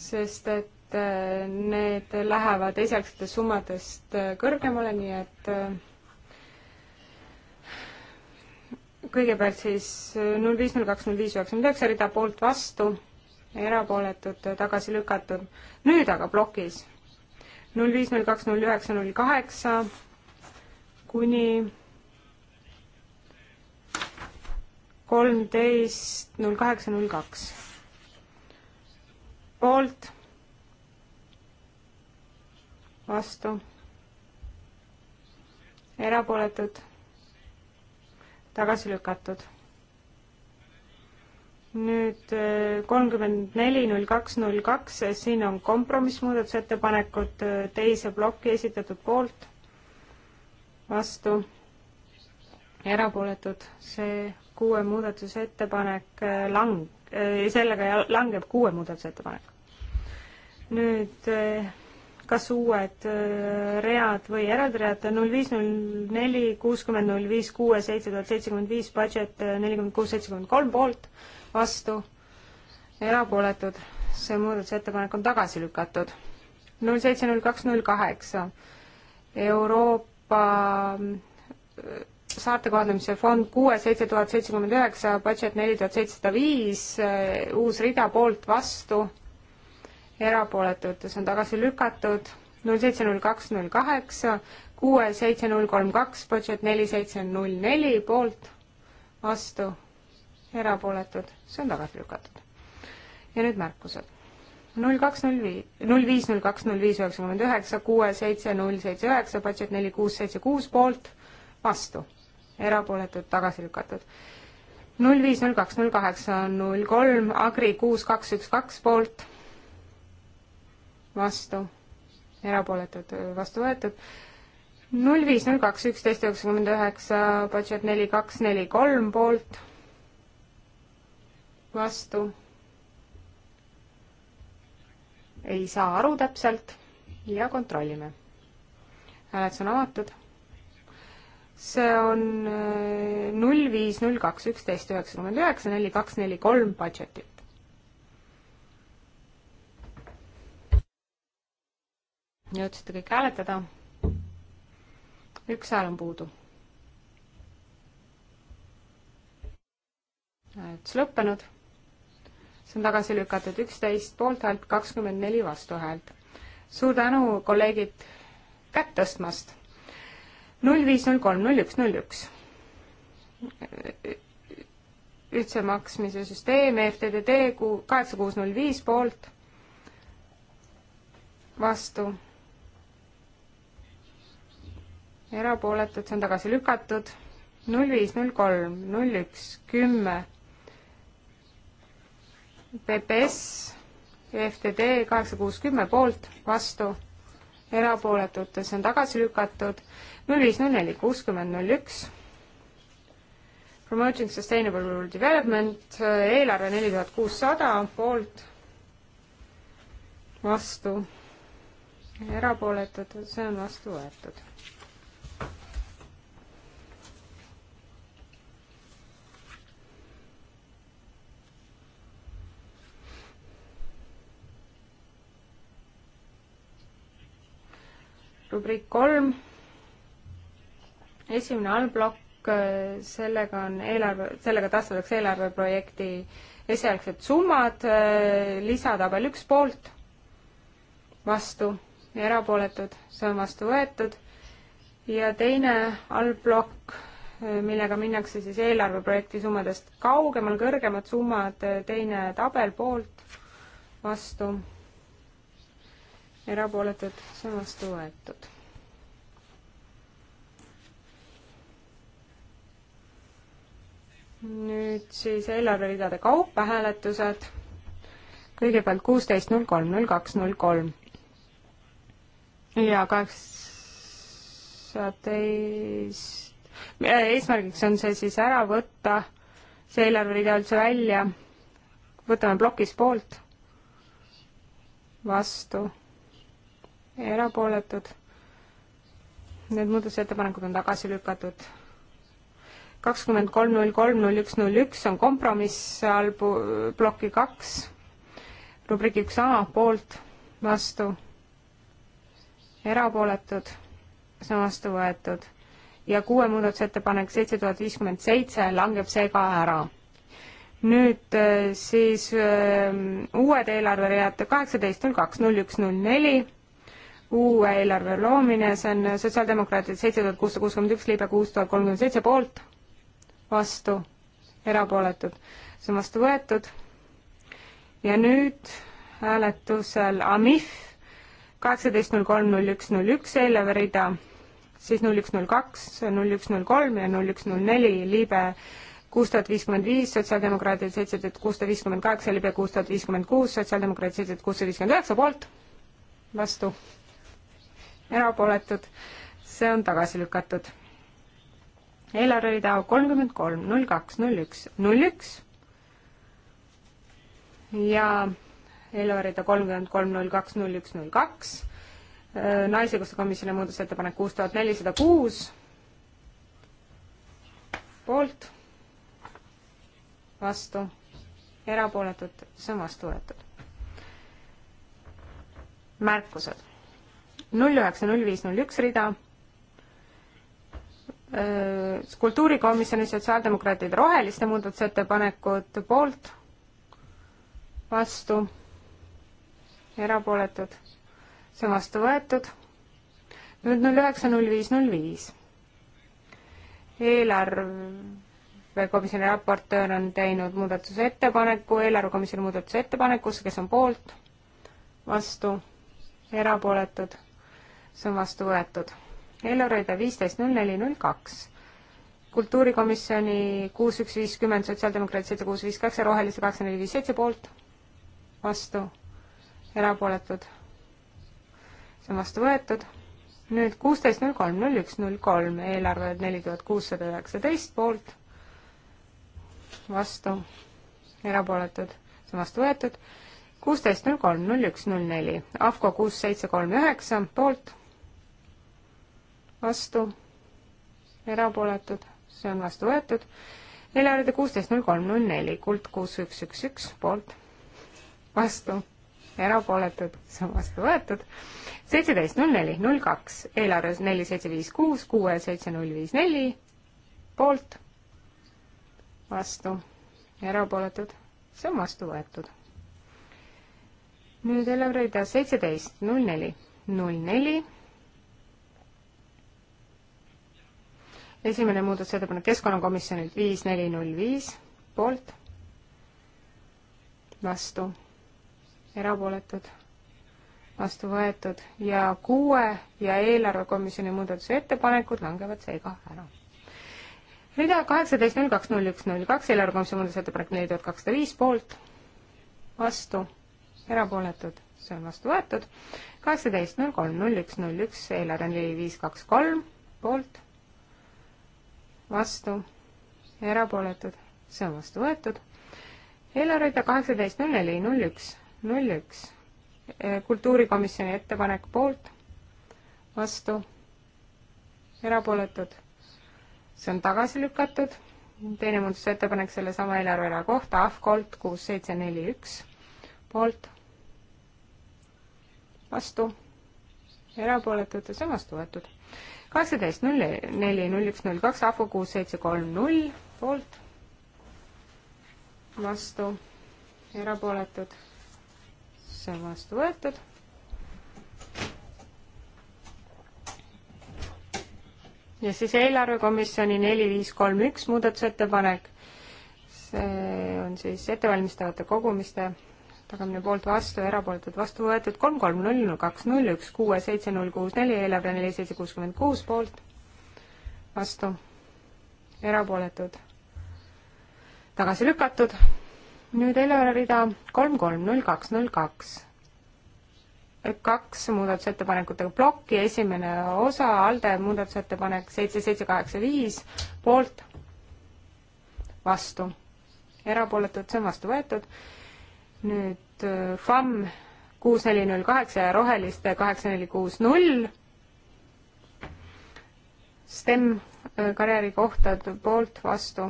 sest et äh, need lähevad esialgsetest summadest äh, kõrgemale, nii et kõigepealt siis null viis, null kaks, null viis, üheksakümmend üheksa rida poolt vastu erapooletud, tagasi lükatud. nüüd aga plokis null viis, null kaks, null üheksa, null kaheksa kuni kolmteist, null kaheksa, null kaks. poolt, vastu, erapooletud, tagasi lükatud nüüd äh, kolmkümmend neli null kaks null kaks, äh, siin on kompromissmuudatusettepanekud äh, teise ploki esitatud poolt, vastu, erapooletud, see kuue muudatusettepanek lang-, sellega langeb kuue muudatusettepanek. nüüd kas uued read või eraldi read, null viis, null neli, kuuskümmend, null viis, kuue, seitse tuhat seitsekümmend viis, budget nelikümmend kuus, seitsekümmend kolm poolt, vastu, erapooletud, see muudatusettepanek on tagasi lükatud. null seitse, null kaks, null kaheksa, Euroopa äh, saarte kohandamise fond kuue, seitse tuhat seitsekümmend üheksa, budget neli tuhat seitsesada viis, äh, uus rida poolt vastu, erapooletud, see on tagasi lükatud, null seitse, null kaks, null kaheksa, kuue, seitse, null kolm, kaks, budget neli, seitse, null neli, poolt, vastu, erapooletud, see on tagasi lükatud. ja nüüd märkused. null kaks, null viis, null viis, null kaks, null viis, üheksakümmend üheksa, kuue, seitse, null, seitse, üheksa, budget neli, kuus, seitse, kuus poolt, vastu, erapooletud, tagasi lükatud. null viis, null kaks, null kaheksa, null kolm, Agri kuus, kaks, üks, kaks poolt, vastu, erapooletud, vastu võetud null viis, null kaks, üksteist, üheksakümmend üheksa, budget neli, kaks, neli, kolm poolt, vastu. ei saa aru täpselt ja kontrollime. hääletus on avatud. see on äh, null viis, null kaks, üksteist, üheksakümmend üheksa, neli, kaks, neli, kolm budgetit. jõudsite kõik hääletada? üks hääl on puudu. hääletus lõppenud see on tagasi lükatud, üksteist poolthäält, kakskümmend neli vastuhäält. suur tänu, kolleegid, kätt tõstmast! null viis, null kolm, null üks, null üks ühtse maksmise süsteem EFTDD kaheksa kuus null viis poolt, vastu, erapooletud, see on tagasi lükatud, null viis, null kolm, null üks, kümme PPS, FTD kaheksa kuus kümme poolt, vastu, erapooletud, see on tagasi lükatud, null viis null neli kuuskümmend null üks, Promoting Sustainable Development, eelarve neli tuhat kuussada poolt, vastu, erapooletud, see on vastu võetud. rubriik kolm, esimene allplokk, sellega on eelarve, sellega taastatakse eelarveprojekti esialgsed summad, lisatabel üks poolt, vastu ja erapooletud, see on vastu võetud, ja teine allplokk, millega minnakse siis eelarveprojekti summadest kaugemal, kõrgemad summad, teine tabel poolt, vastu erapooletud, see on vastu võetud. nüüd siis eelarveridade kaupa hääletused. kõigepealt kuusteist, null kolm, null kaks, null kolm ja kaheksateist, eesmärgiks on see siis ära võtta, see eelarverida üldse välja, võtame plokis poolt, vastu erapooletud. Need muudatusettepanekud on tagasi lükatud. kakskümmend kolm, null kolm, null üks, null üks on kompromiss all ploki kaks, rubriik üks A poolt, vastu, erapooletud, see on vastu võetud ja kuue muudatusettepanek seitse tuhat viiskümmend seitse langeb seega ära. nüüd äh, siis öö, äh, uued eelarveread kaheksateist null kaks null üks null neli uue eelarve loomine, see on sotsiaaldemokraatide seitse tuhat kuussada kuuskümmend üks, liibe kuus tuhat kolmkümmend seitse poolt, vastu, erapooletud. see on vastu võetud. ja nüüd hääletusel AMIF kaheksateist null kolm null üks null üks eelarve rida, siis null üks null kaks, null üks null kolm ja null üks null neli, liibe kuus tuhat viiskümmend viis, sotsiaaldemokraadid seitse tuhat kuussada viiskümmend kaheksa, libe kuus tuhat viiskümmend kuus, sotsiaaldemokraadid seitse tuhat kuussada viiskümmend üheksa poolt, vastu erapooletud, see on tagasi lükatud. eelarverida kolmkümmend kolm, null kaks, null üks, null üks ja eelarverida kolmkümmend kolm, null kaks, null üks, null kaks, äh, naisõiguste komisjoni muudatusettepanek kuus tuhat nelisada kuus, poolt, vastu, erapooletud, see on vastu võetud. märkused null üheksa, null viis, null üks rida, äh, kultuurikomisjoni sotsiaaldemokraatide roheliste muudatusettepanekud poolt, vastu, erapooletud, see on vastu võetud. nüüd null üheksa, null viis, null viis. eelarvekomisjoni raportöör on teinud muudatusettepaneku, eelarvekomisjoni muudatusettepanekusse, kes on poolt, vastu, erapooletud, see on vastu võetud. Elorida viisteist null neli null kaks, kultuurikomisjoni kuus üks viiskümmend, sotsiaaldemokraadid seitse kuus viis kaks ja rohelise kaheksa neli viis seitse poolt, vastu, erapooletud. see on vastu võetud. nüüd kuusteist null kolm null üks null kolm, eelarve neli tuhat kuussada üheksateist poolt, vastu, erapooletud, see on vastu võetud kuusteist null kolm null üks null neli, AFCO kuus seitse kolm üheksa poolt vastu, erapooletud, see on vastu võetud. neljakorda kuusteist null kolm null neli, kuld kuus üks üks üks poolt, vastu, erapooletud, see on vastu võetud. seitseteist null neli null kaks, eelarves neli seitse viis kuus, kuue seitse null viis neli poolt, vastu, erapooletud, see on vastu võetud. nüüd eelarve rida seitseteist null neli null neli esimene muudatusettepanek Keskkonnakomisjonilt viis neli null viis, poolt, vastu, erapooletud, vastu võetud ja kuue ja eelarvekomisjoni muudatusettepanekud langevad seega ära. rida kaheksateist null kaks null üks null kaks, eelarvekomisjoni muudatusettepanek neli tuhat kakssada viis, poolt, vastu, erapooletud, see on vastu võetud, kaheksateist null kolm null üks null üks, eelarve neli viis kaks kolm, poolt vastu, erapooletud, see on vastu võetud. eelarve kaheksateist null neli null üks null üks, eh, kultuurikomisjoni ettepanek poolt, vastu, erapooletud, see on tagasi lükatud. teine muudatusettepanek sellesama eelarvele kohta, AFCOlt kuus seitse neli üks, poolt, vastu, erapooletud ja see on vastu võetud kaheksateist null neli null üks null kaks Ahvo kuus seitse kolm null poolt, vastu, erapooletud, see on vastu võetud. ja siis eelarvekomisjoni neli viis kolm üks muudatusettepanek, see on siis ettevalmistavate kogumiste tagamine poolt vastu, erapooletud vastu võetud kolm, kolm, null, null, kaks, null, üks, kuue, seitse, null, kuus, neli, eelarve neli, seitse, kuuskümmend kuus poolt, vastu, erapooletud, tagasi lükatud. nüüd eelarverida kolm, kolm, null, kaks, null, kaks, kaks muudatusettepanekutega plokki, esimene osa, ALDE muudatusettepanek seitse, seitse, kaheksa, viis, poolt, vastu, erapooletud, see on vastu võetud nüüd äh, FAM kuus neli null kaheksa ja Roheliste kaheksa neli kuus null. STEM äh, karjääri kohta poolt vastu,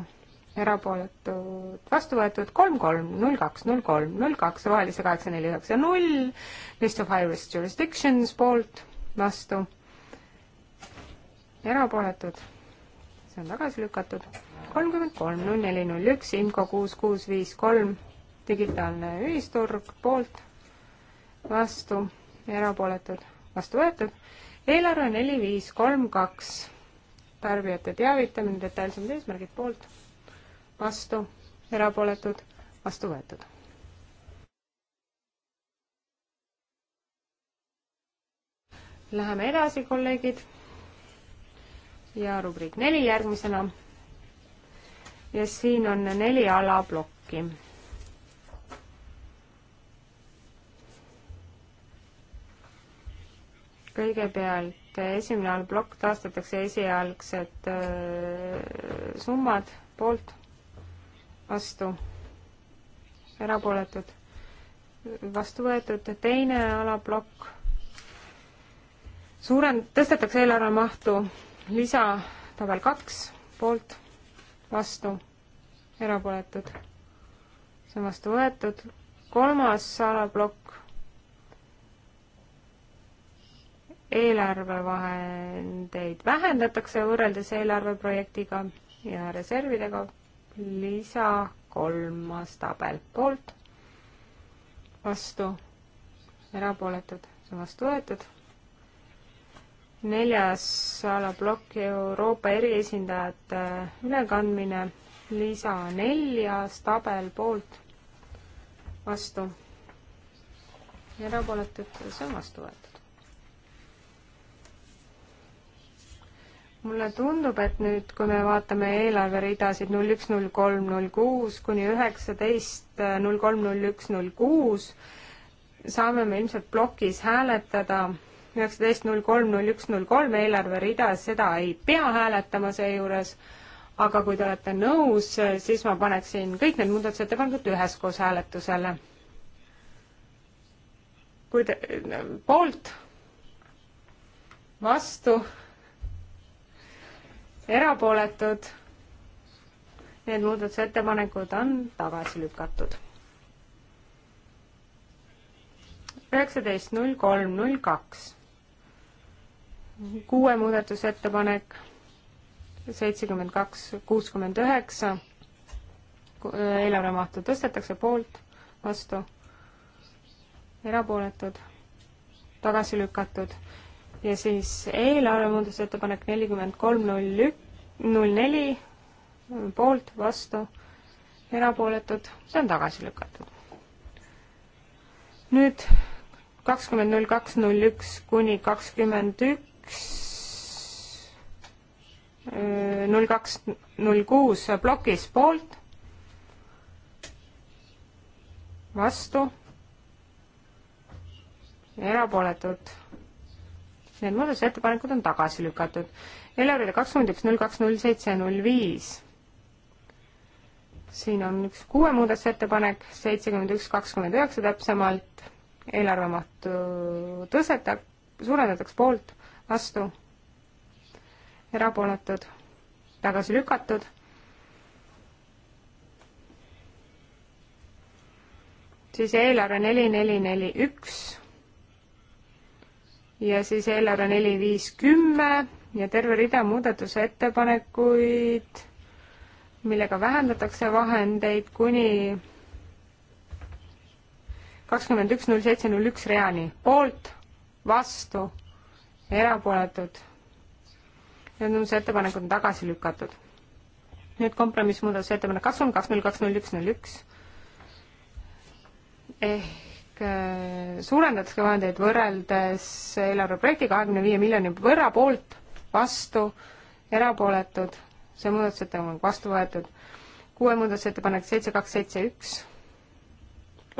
erapooletud vastu võetud kolm kolm null kaks null kolm null kaks Rohelise kaheksa neli üheksa null, list of high risk jurisdictions poolt vastu, erapooletud, see on tagasi lükatud, kolmkümmend kolm null neli null üks, IMCO kuus kuus viis kolm digitaalne ühisturg poolt, vastu, erapooletud, vastu võetud. eelarve neli, viis, kolm, kaks, tarbijate teavitamine, detailsemad eesmärgid poolt, vastu, erapooletud, vastu võetud. Läheme edasi, kolleegid. ja rubriik neli järgmisena. ja siin on neli alaplokki kõigepealt esimene allplokk taastatakse esialgsed äh, summad poolt, vastu, erapooletud, vastu võetud, teine alaplokk, suurem, tõstetakse eelarve mahtu, lisa tabel kaks, poolt, vastu, erapooletud, see on vastu võetud, kolmas alaplokk eelarvevahendeid vähendatakse võrreldes eelarveprojektiga ja reservidega. lisa kolmas tabel poolt, vastu, erapooletud, see on vastu võetud. neljas alaplokk Euroopa eriesindajate ülekandmine, lisa neljas tabel poolt, vastu, erapooletud, see on vastu võetud mulle tundub, et nüüd, kui me vaatame eelarveridasid null üks, null kolm, null kuus kuni üheksateist, null kolm, null üks, null kuus, saame me ilmselt plokis hääletada üheksateist, null kolm, null üks, null kolm eelarverida, seda ei pea hääletama seejuures, aga kui te olete nõus, siis ma paneksin kõik need muudatusettepanekud üheskoos hääletusele. kui te, poolt, vastu erapooletud. Need muudatusettepanekud on tagasi lükatud. üheksateist, null kolm, null kaks. kuue muudatusettepanek, seitsekümmend kaks, kuuskümmend üheksa. eelarvemahtu tõstetakse poolt, vastu, erapooletud, tagasi lükatud ja siis eelarve muudatusettepanek nelikümmend kolm null ük-, null neli, poolt, vastu, erapooletud, see on tagasi lükatud. nüüd kakskümmend null kaks null üks kuni kakskümmend üks äh, null kaks null kuus plokis poolt, vastu, erapooletud Need muudatusettepanekud on tagasi lükatud. Elerile kakskümmend üks, null kaks, null seitse, null viis. siin on üks kuue muudatusettepanek, seitsekümmend üks, kakskümmend üheksa täpsemalt, eelarve mahtu tõseta-, suurendatakse poolt, vastu, erapooletud, tagasi lükatud siis eelarve neli, neli, neli, üks ja siis eelarve neli, viis, kümme ja terve rida muudatusettepanekuid, millega vähendatakse vahendeid kuni kakskümmend üks, null seitse, null üks reani. poolt, vastu, erapooletud. Need muudatusettepanekud on tagasi lükatud. nüüd kompromissmuudatusettepanek kakskümmend kaks, null kaks, null üks, null üks. ehk Äh, suurendatakse vahendeid võrreldes eelarveprojekti kahekümne viie miljoni võrra poolt, vastu, erapooletud, see muudatusettepanek vastu võetud. kuue muudatusettepanek seitse, kaks, seitse, üks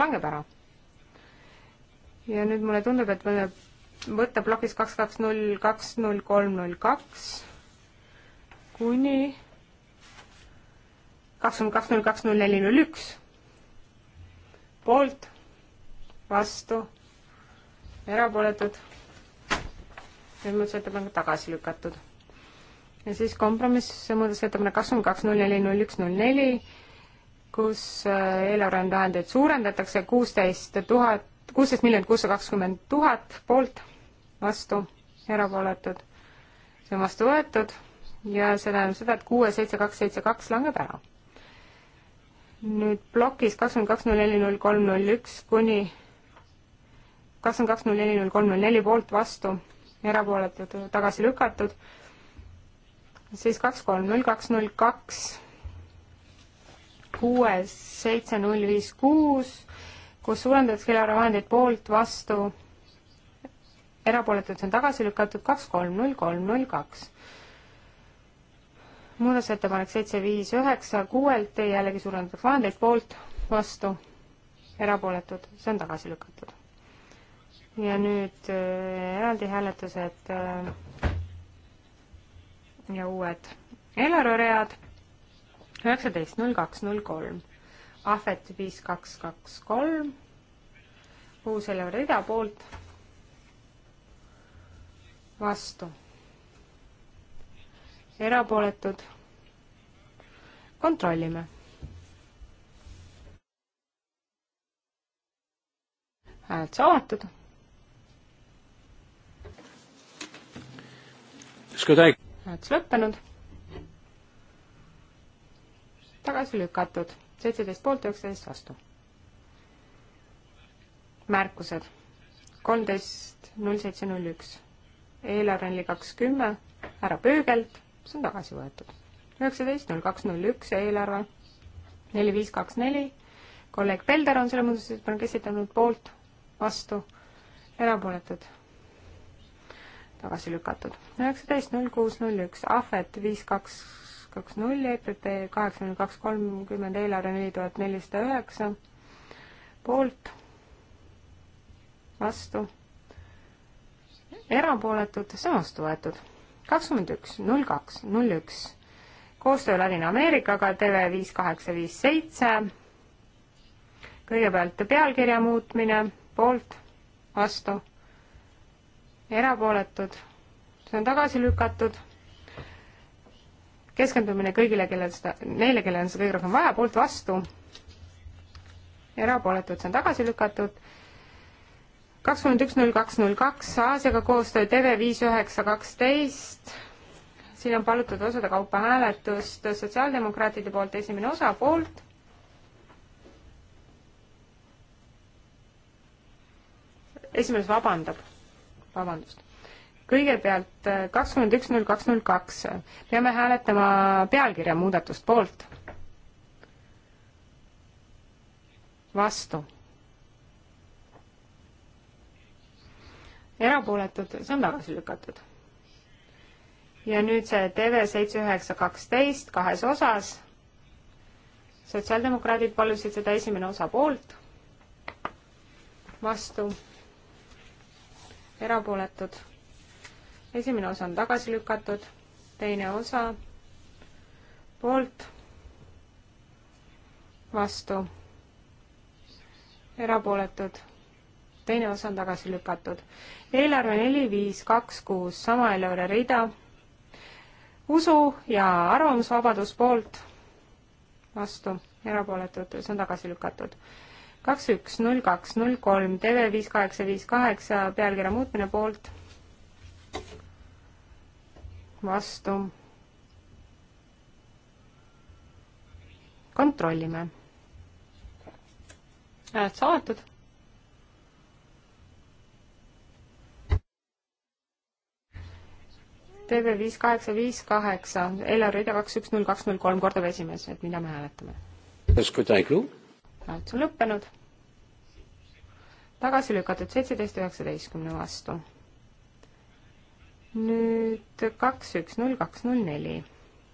langeb ära. ja nüüd mulle tundub, et võime võtta plokis kaks, kaks, null, kaks, null, kolm, null, kaks kuni kakskümmend kaks, null, kaks, null, neli, null, üks poolt vastu, erapooletud, need muudatusettepanekud tagasi lükatud. ja siis kompromiss, muudatusettepanek kakskümmend kaks, null neli, null üks, null neli, kus äh, eelarvendahendeid suurendatakse kuusteist tuhat, kuusteist miljonit kuussada kakskümmend tuhat poolt, vastu, erapooletud. see on vastu võetud ja see tähendab seda, et kuue, seitse, kaks, seitse, kaks langeb ära. nüüd plokis kakskümmend kaks, null neli, null kolm, null üks kuni kakskümmend kaks, null neli, null kolm, null neli poolt, vastu, erapooletud, tagasi lükatud, siis kaks, kolm, null kaks, null kaks, kuues, seitse, null viis, kuus, kus suurendatakse eelarvevahendeid poolt, vastu, erapooletud, see on tagasi lükatud, kaks, kolm, null kolm, null kaks. muudatusettepanek seitse, viis, üheksa, kuuelt jällegi suurendatakse vahendeid poolt, vastu, erapooletud, see on tagasi lükatud ja nüüd äh, eraldi hääletused äh, ja uued eelarveread üheksateist, null kaks, null kolm, ahvet viis, kaks, kaks, kolm, uus eelarve rida poolt, vastu, erapooletud, kontrollime. hääled saadetud hääletus lõppenud. tagasi lükatud, seitseteist poolt, üheksateist vastu. märkused kolmteist null seitse null üks, eelarve on ligaks kümme, härra Pöögelt, see on tagasi võetud. üheksateist null kaks null üks, eelarve neli viis kaks neli, kolleeg Pelder on selle muudatusettepaneku esitanud poolt, vastu, erapooletud tagasi lükatud. üheksateist, null kuus, null üks, ahvet viis, kaks, kaks, null, EPP kaheksakümmend kaks, kolmkümmend, eelarve neli tuhat nelisada üheksa, poolt, vastu, erapooletud, samast võetud. kakskümmend üks, null kaks, null üks, koostöö Ladina-Ameerikaga, TV viis, kaheksa, viis, seitse, kõigepealt pealkirja muutmine, poolt, vastu erapooletud, see on tagasi lükatud, keskendumine kõigile, kellel seda, neile, kellel on seda kõige rohkem vaja, poolt vastu, erapooletud, see on tagasi lükatud, kakskümmend üks null kaks null kaks, Aasiaga koostöö TV viis üheksa kaksteist, siin on palutud osade kaupa hääletust sotsiaaldemokraatide poolt, esimene osa poolt, esimees vabandab vabandust. kõigepealt äh, kakskümmend üks null kaks null kaks, peame hääletama pealkirja muudatust poolt. vastu. erapooletud, see on tagasi lükatud ja nüüd see TV seitse üheksa kaksteist kahes osas. sotsiaaldemokraadid palusid seda esimene osa poolt, vastu, erapooletud. esimene osa on tagasi lükatud, teine osa poolt, vastu, erapooletud, teine osa on tagasi lükatud. eelarve neli, viis, kaks, kuus, sama eelarve rida, usu ja arvamusvabadus poolt, vastu, erapooletud, see on tagasi lükatud kaks, üks, null, kaks, null, kolm, TV viis, kaheksa, viis, kaheksa, pealkirja muutmine poolt, vastu. kontrollime. hääled saadetud TV viis kaheksa viis kaheksa, eelarve rida kaks üks null kaks null kolm, kordab esimees, et mida me hääletame hääletus on lõppenud. tagasi lükatud seitseteist üheksateistkümne vastu. nüüd kaks, üks, null, kaks, null, neli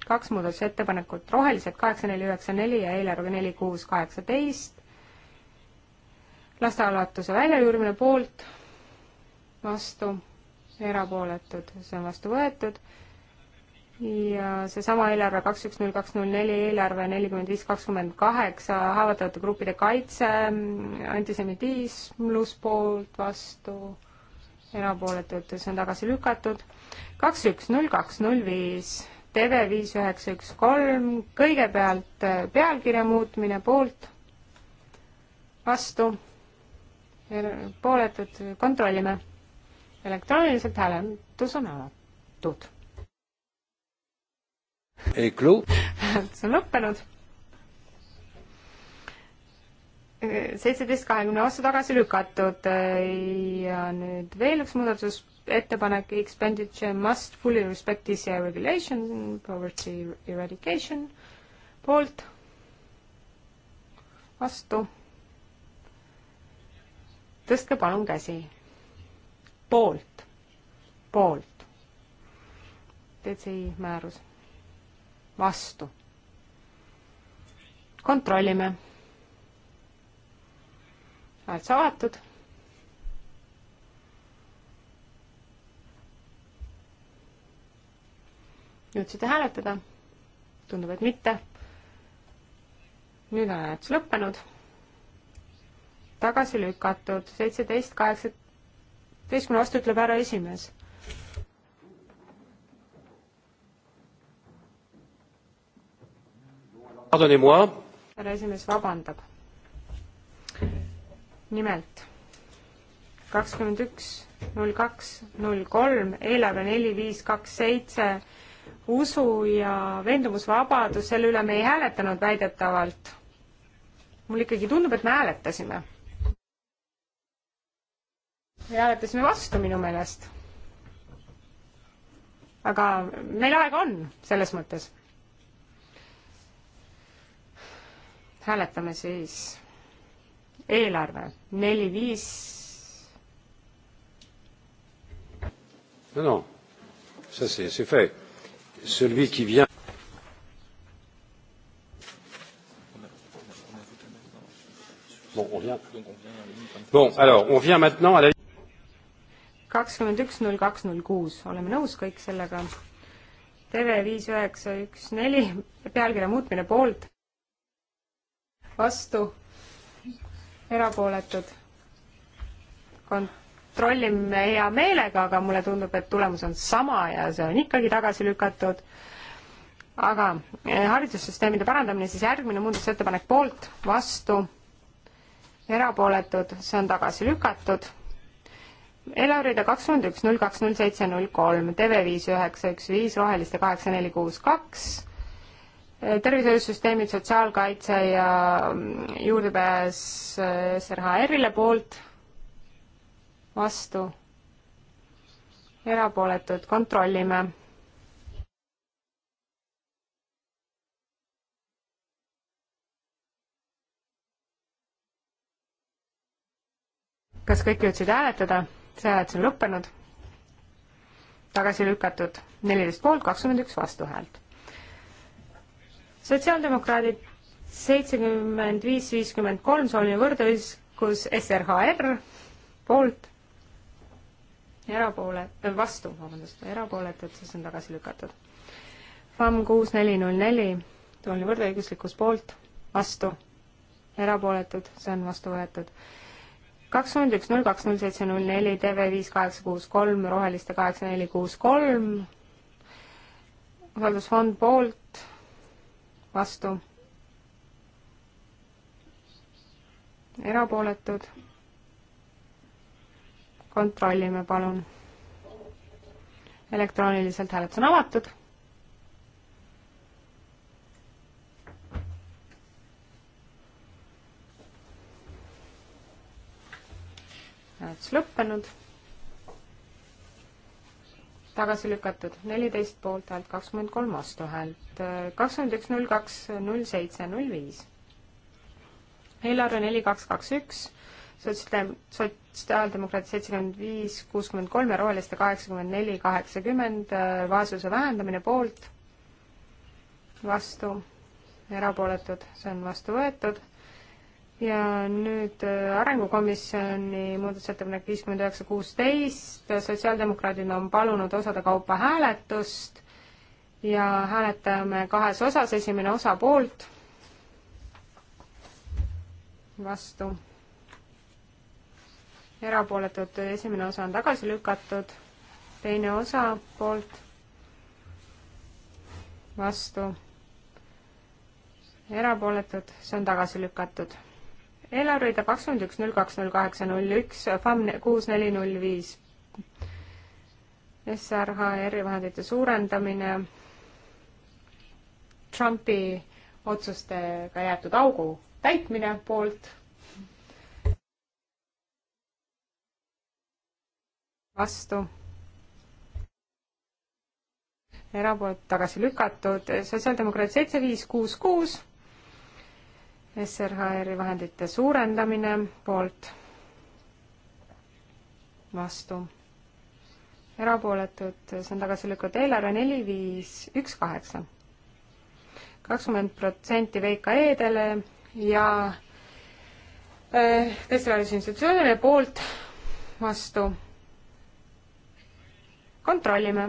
kaks muudatusettepanekut, rohelised kaheksa, neli, üheksa, neli ja eelarve neli, kuus, kaheksateist. lastealatuse väljajuurimine poolt, vastu, erapooletud, see on vastu võetud ja seesama eelarve kaks üks null kaks null neli, eelarve nelikümmend viis kakskümmend kaheksa, haavatavate gruppide kaitse, antisemitism, pluss poolt, vastu, erapooletud, see on tagasi lükatud. kaks üks null kaks null viis, TV viis üheksa üks kolm, kõigepealt äh, pealkirja muutmine poolt, vastu, er-, pooletud, kontrollime. elektrooniliselt hääletus on avatud hääletus [laughs] on lõppenud. seitseteist kahekümne vastu tagasi lükatud ja nüüd veel üks muudatus, ettepanek expenditure must fully respect DCI regulation, poverty eradication, poolt, vastu. tõstke palun käsi. poolt, poolt. DCI määrus vastu. kontrollime. oled sa avatud? jõudsite hääletada? tundub, et mitte. nüüd on hääletus lõppenud. tagasi lükatud, seitseteist, kaheksateistkümne vastu ütleb härra esimees härra esimees vabandab. nimelt kakskümmend üks, null kaks, null kolm, eelarve neli, viis, kaks, seitse, usu ja veendumusvabadus, selle üle me ei hääletanud väidetavalt. mulle ikkagi tundub, et me hääletasime. me hääletasime vastu minu meelest. aga meil aega on, selles mõttes hääletame siis eelarve neli, viis. no no, see, see, see fait. Celui qui vient. Bon, on vient. Bon, alors, on vient maintenant à la kakskümmend üks, null kaks, null kuus, oleme nõus kõik sellega. TV viis üheksa üks neli, pealkirja muutmine poolt, vastu, erapooletud. kontrollime hea meelega, aga mulle tundub, et tulemus on sama ja see on ikkagi tagasi lükatud. aga eh, haridussüsteemide parandamine, siis järgmine muudatusettepanek poolt, vastu, erapooletud, see on tagasi lükatud Elarida kakskümmend üks, null kaks, null seitse, null kolm, TV viis üheksa, üks viis, Roheliste kaheksa, neli, kuus, kaks, tervishoiusüsteemid, sotsiaalkaitse ja juurdepääs eh, SRHR-ile poolt, vastu, erapooletud, kontrollime kas kõik jõudsid hääletada, see hääletus on lõppenud, tagasi lükatud neliteist poolt, kakskümmend üks vastuhäält sotsiaaldemokraadid seitsekümmend viis, viiskümmend kolm, sooline võrdõiskus, SRHR poolt, erapoole, äh, vastu, vabandust, erapooletud, siis on tagasi lükatud. FAM kuus neli null neli, sooline võrdõiguslikkus poolt, vastu, erapooletud, see on vastu võetud. kakskümmend üks null kaks null seitse null neli, TV viis kaheksa kuus kolm, Roheliste kaheksa neli kuus kolm, usaldusfond poolt, vastu, erapooletud. kontrollime, palun. elektrooniliselt hääletus on avatud. hääletus lõppenud tagasi lükatud, neliteist poolthäält, kakskümmend kolm vastuhäält, kakskümmend üks, null kaks, null seitse, null viis. eelarve neli, kaks, kaks, üks, sotsiaaldem-, sotsiaaldemokraadid seitsekümmend viis, kuuskümmend kolm ja roheliste kaheksakümmend neli, kaheksakümmend, vaesuse vähendamine poolt, vastu, erapooletud, see on vastu võetud ja nüüd äh, Arengukomisjoni muudatusettepanek viiskümmend üheksa kuusteist, sotsiaaldemokraadid on palunud osade kaupa hääletust ja hääletame kahes osas, esimene osa poolt, vastu, erapooletud, esimene osa on tagasi lükatud, teine osa poolt, vastu, erapooletud, see on tagasi lükatud eelarverida kakskümmend üks null kaks null kaheksa null üks, FAM kuus neli null viis. SRHR-i vahendite suurendamine, Trumpi otsustega jäetud augu täitmine poolt vastu. erapoolt tagasi lükatud, sotsiaaldemokraat seitse, viis, kuus, kuus. SRHR-i vahendite suurendamine poolt, vastu, erapooletud, see on tagasi lükatud, eelarve neli, viis, üks, kaheksa. kakskümmend protsenti VKE-dele ja äh, teistele institutsioonidele poolt, vastu. kontrollime.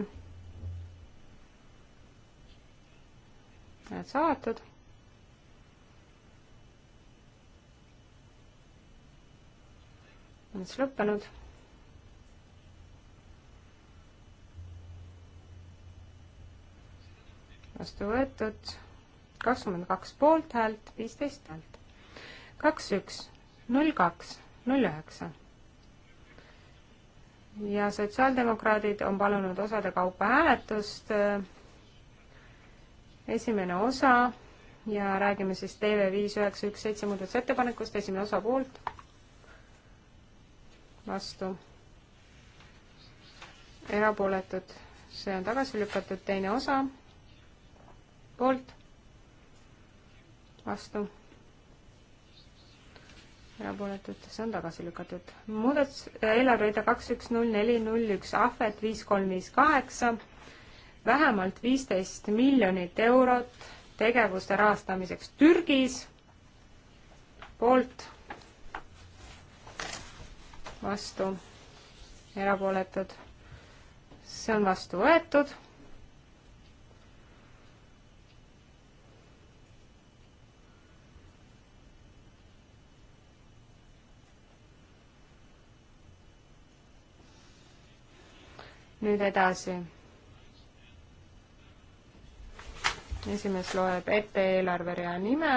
oled saadetud on siis lõppenud. vastu võetud kakskümmend kaks poolthäält, viisteist häält. kaks, üks, null kaks, null üheksa. ja sotsiaaldemokraadid on palunud osade kaupa hääletust. esimene osa ja räägime siis TV viis üheksa üks seitse muudatusettepanekust, esimene osa poolt vastu, erapooletud, see on tagasi lükatud, teine osa, poolt, vastu, erapooletud, see on tagasi lükatud. muudatus, äh, eelarveida kaks, üks, null, neli, null, üks, ahvet viis, kolm, viis, kaheksa, vähemalt viisteist miljonit eurot tegevuste rahastamiseks Türgis, poolt vastu, erapooletud, see on vastu võetud. nüüd edasi. esimees loeb ette eelarverea nime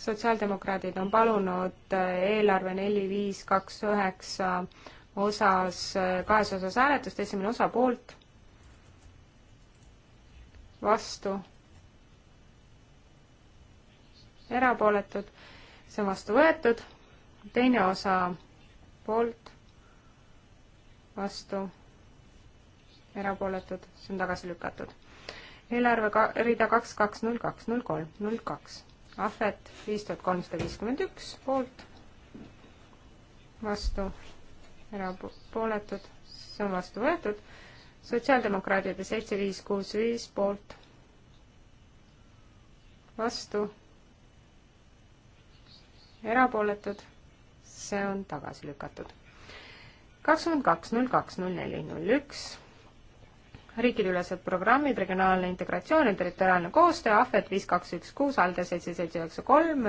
sotsiaaldemokraadid on palunud äh, eelarve neli, viis, kaks, üheksa osas, äh, kahes osas hääletust, esimene osa poolt, vastu, erapooletud, see on vastu võetud, teine osa poolt, vastu, erapooletud, see on tagasi lükatud. eelarve ka-, rida kaks, kaks, null, kaks, null, kolm, null, kaks ahvet viis tuhat kolmsada viiskümmend üks poolt, vastu, erapooletud, see on vastu võetud, sotsiaaldemokraadide seitse viis kuus viis poolt, vastu, erapooletud, see on tagasi lükatud. kakskümmend kaks null kaks null neli null üks riikideülesed programmid, regionaalne integratsioon ja territoriaalne koostöö, ahvet viis, kaks, üks, kuus, ALDE seitse, seitse, üheksa, kolm,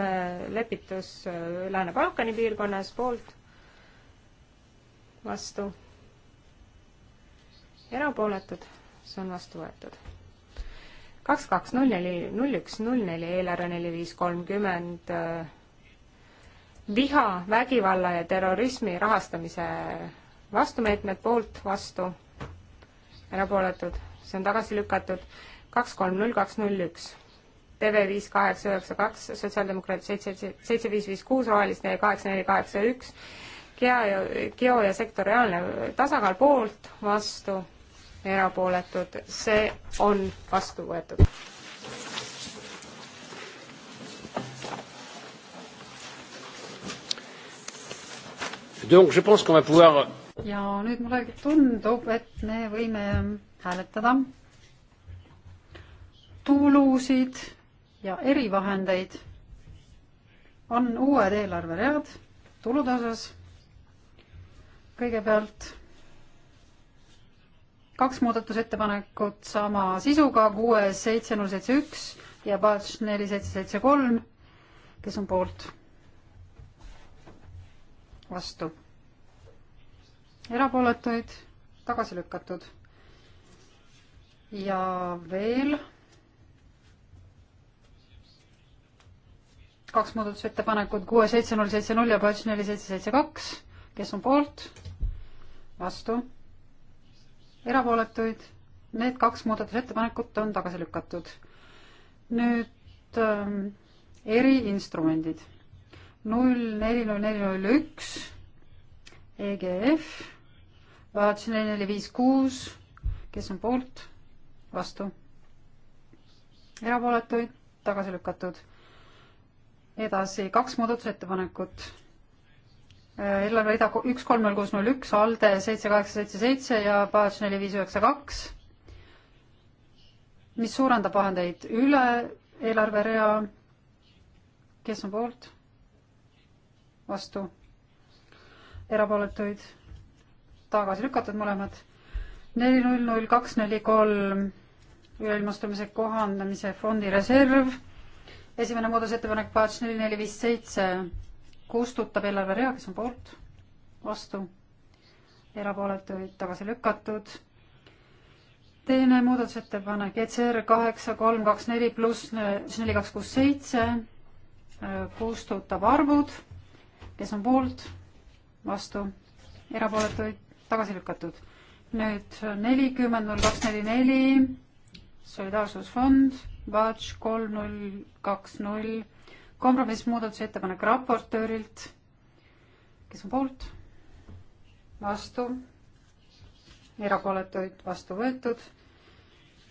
lepitus äh, Lääne-Balkani piirkonnas, poolt, vastu, erapooletud, see on vastu võetud. kaks, kaks, null, neli, null, üks, null, neli, eelarve neli, viis, kolmkümmend, äh, viha, vägivalla ja terrorismi rahastamise vastumeetmed poolt, vastu erapooletud, see on tagasi lükatud, kaks kolm null kaks null üks. TV viis kaheksa üheksa kaks, sotsiaaldemokraadid seitse, seitse viis viis kuus, rohelist neli kaheksa neli kaheksa üks, Geo ja, Geo ja sektoriaalne tasakaal poolt, vastu, erapooletud, see on vastu võetud. Donc je pense qu'on va pouvoir ja nüüd mulle tundub, et me võime hääletada tulusid ja erivahendeid. on uued eelarveread tulude osas. kõigepealt kaks muudatusettepanekut sama sisuga, kuues, seitse, null, seitse, üks ja batch neli, seitse, seitse, kolm. kes on poolt? vastu erapooletuid, tagasi lükatud. ja veel kaks muudatusettepanekut, kuue, seitse, null, seitse, null ja poiss neli, seitse, seitse, kaks. kes on poolt? vastu? erapooletuid? Need kaks muudatusettepanekut on tagasi lükatud. nüüd ähm, eriinstrumendid. null, neli, null, neli, null, üks EGF, vaatasin neli, neli, viis, kuus, kes on poolt, vastu, erapooletuid, tagasi lükatud. edasi kaks muudatusettepanekut äh, eelarve rida üks kolm null kuus null üks, ALDE seitse kaheksa seitse seitse ja Pats neli viis üheksa kaks, mis suurendab vahendeid üle eelarverea. kes on poolt? vastu? erapooletuid tagasi lükatud mõlemad. neli null null kaks neli kolm üleilmastumise kohandamise fondi reserv. esimene muudatusettepanek, paats neli neli viis seitse, kustutab eelarverea, kes on poolt, vastu, erapooletuid tagasi lükatud. teine muudatusettepanek, ECR kaheksa kolm kaks neli pluss neli kaks kuus seitse, kustutab arvud, kes on poolt vastu, erapooletuid tagasi lükatud. nüüd nelikümmend null kaks neli neli, solidaarsusfond, Vatš kolm null kaks null, kompromissmuudatusettepanek raportöörilt, kes on poolt, vastu, erapooletuid vastu võetud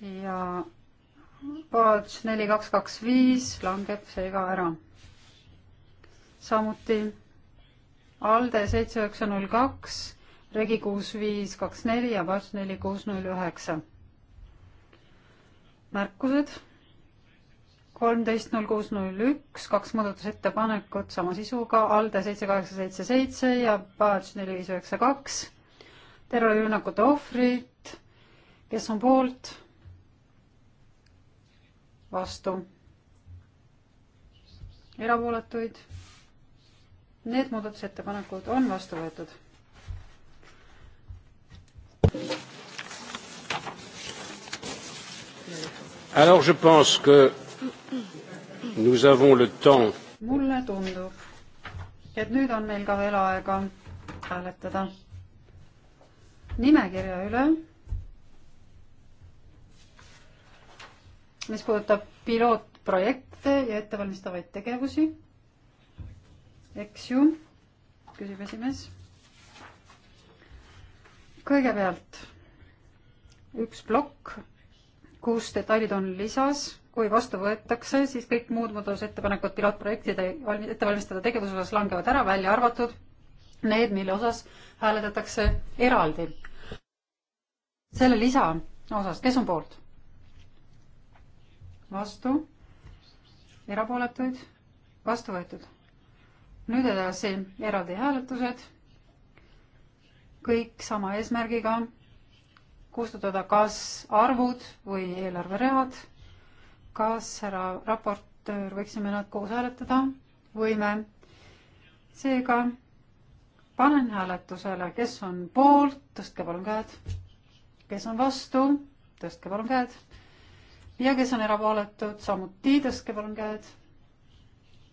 ja Vatš neli kaks kaks viis langeb seega ära. samuti ALDE seitse üheksa null kaks, Regi kuus viis kaks neli ja Vats neli kuus null üheksa. märkused? kolmteist null kuus null üks, kaks muudatusettepanekut sama sisuga, ALDE seitse kaheksa seitse seitse ja Vats neli viis üheksa kaks. terrorirünnakute ohvrid, kes on poolt? vastu erapooletuid Need muudatusettepanekud on vastu võetud. Alors je pense que nous avons le temps. mulle tundub, et nüüd on meil ka veel aega hääletada nimekirja üle, mis puudutab pilootprojekte ja ettevalmistavaid tegevusi eks ju, küsib esimees. kõigepealt üks plokk, kus detailid on lisas, kui vastu võetakse, siis kõik muud muudatusettepanekud pilootprojektide ettevalmistada tegevuse osas langevad ära, välja arvatud need, mille osas hääletatakse eraldi. selle lisa osas, kes on poolt? vastu? erapooletuid? vastu võetud nüüd edasi eraldi hääletused, kõik sama eesmärgiga, kustutada kas arvud või eelarveread, kas härra raportöör, võiksime nad koos hääletada, võime. seega panen hääletusele, kes on poolt, tõstke palun käed, kes on vastu, tõstke palun käed ja kes on erapooletud, samuti tõstke palun käed.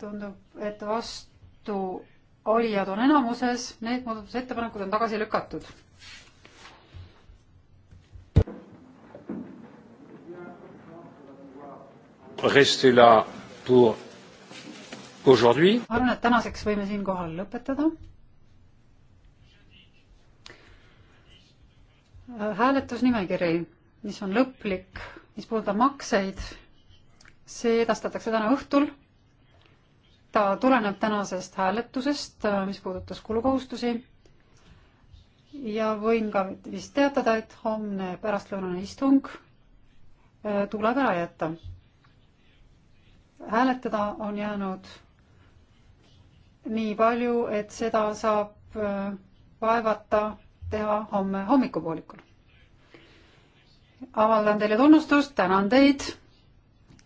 tundub, et vastu vastu olijad on enamuses, need muudatusettepanekud on tagasi lükatud. arvan, et tänaseks võime siinkohal lõpetada. hääletusnimekiri, mis on lõplik, mis puudutab makseid, see edastatakse täna õhtul ta tuleneb tänasest hääletusest, mis puudutas kulukohustusi. ja võin ka vist teatada, et homne pärastlõunane istung äh, tuleb ära jätta. hääletada on jäänud nii palju, et seda saab äh, vaevata teha homme hommikupoolikul. avaldan teile tunnustust, tänan teid,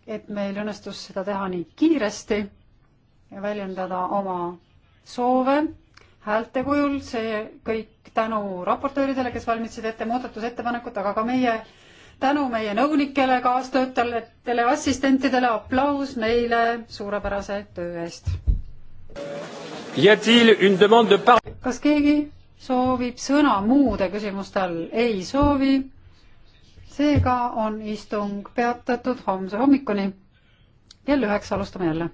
et meil õnnestus seda teha nii kiiresti väljendada oma soove häälte kujul, see kõik tänu raportööridele, kes valmistasid ette muudatusettepanekut, aga ka meie tänu meie nõunikele, kaastöötajatele, assistentidele, aplaus neile suurepärase töö eest. kas keegi soovib sõna muude küsimuste all? ei soovi. seega on istung peatatud homse hommikuni. kell üheksa alustame jälle.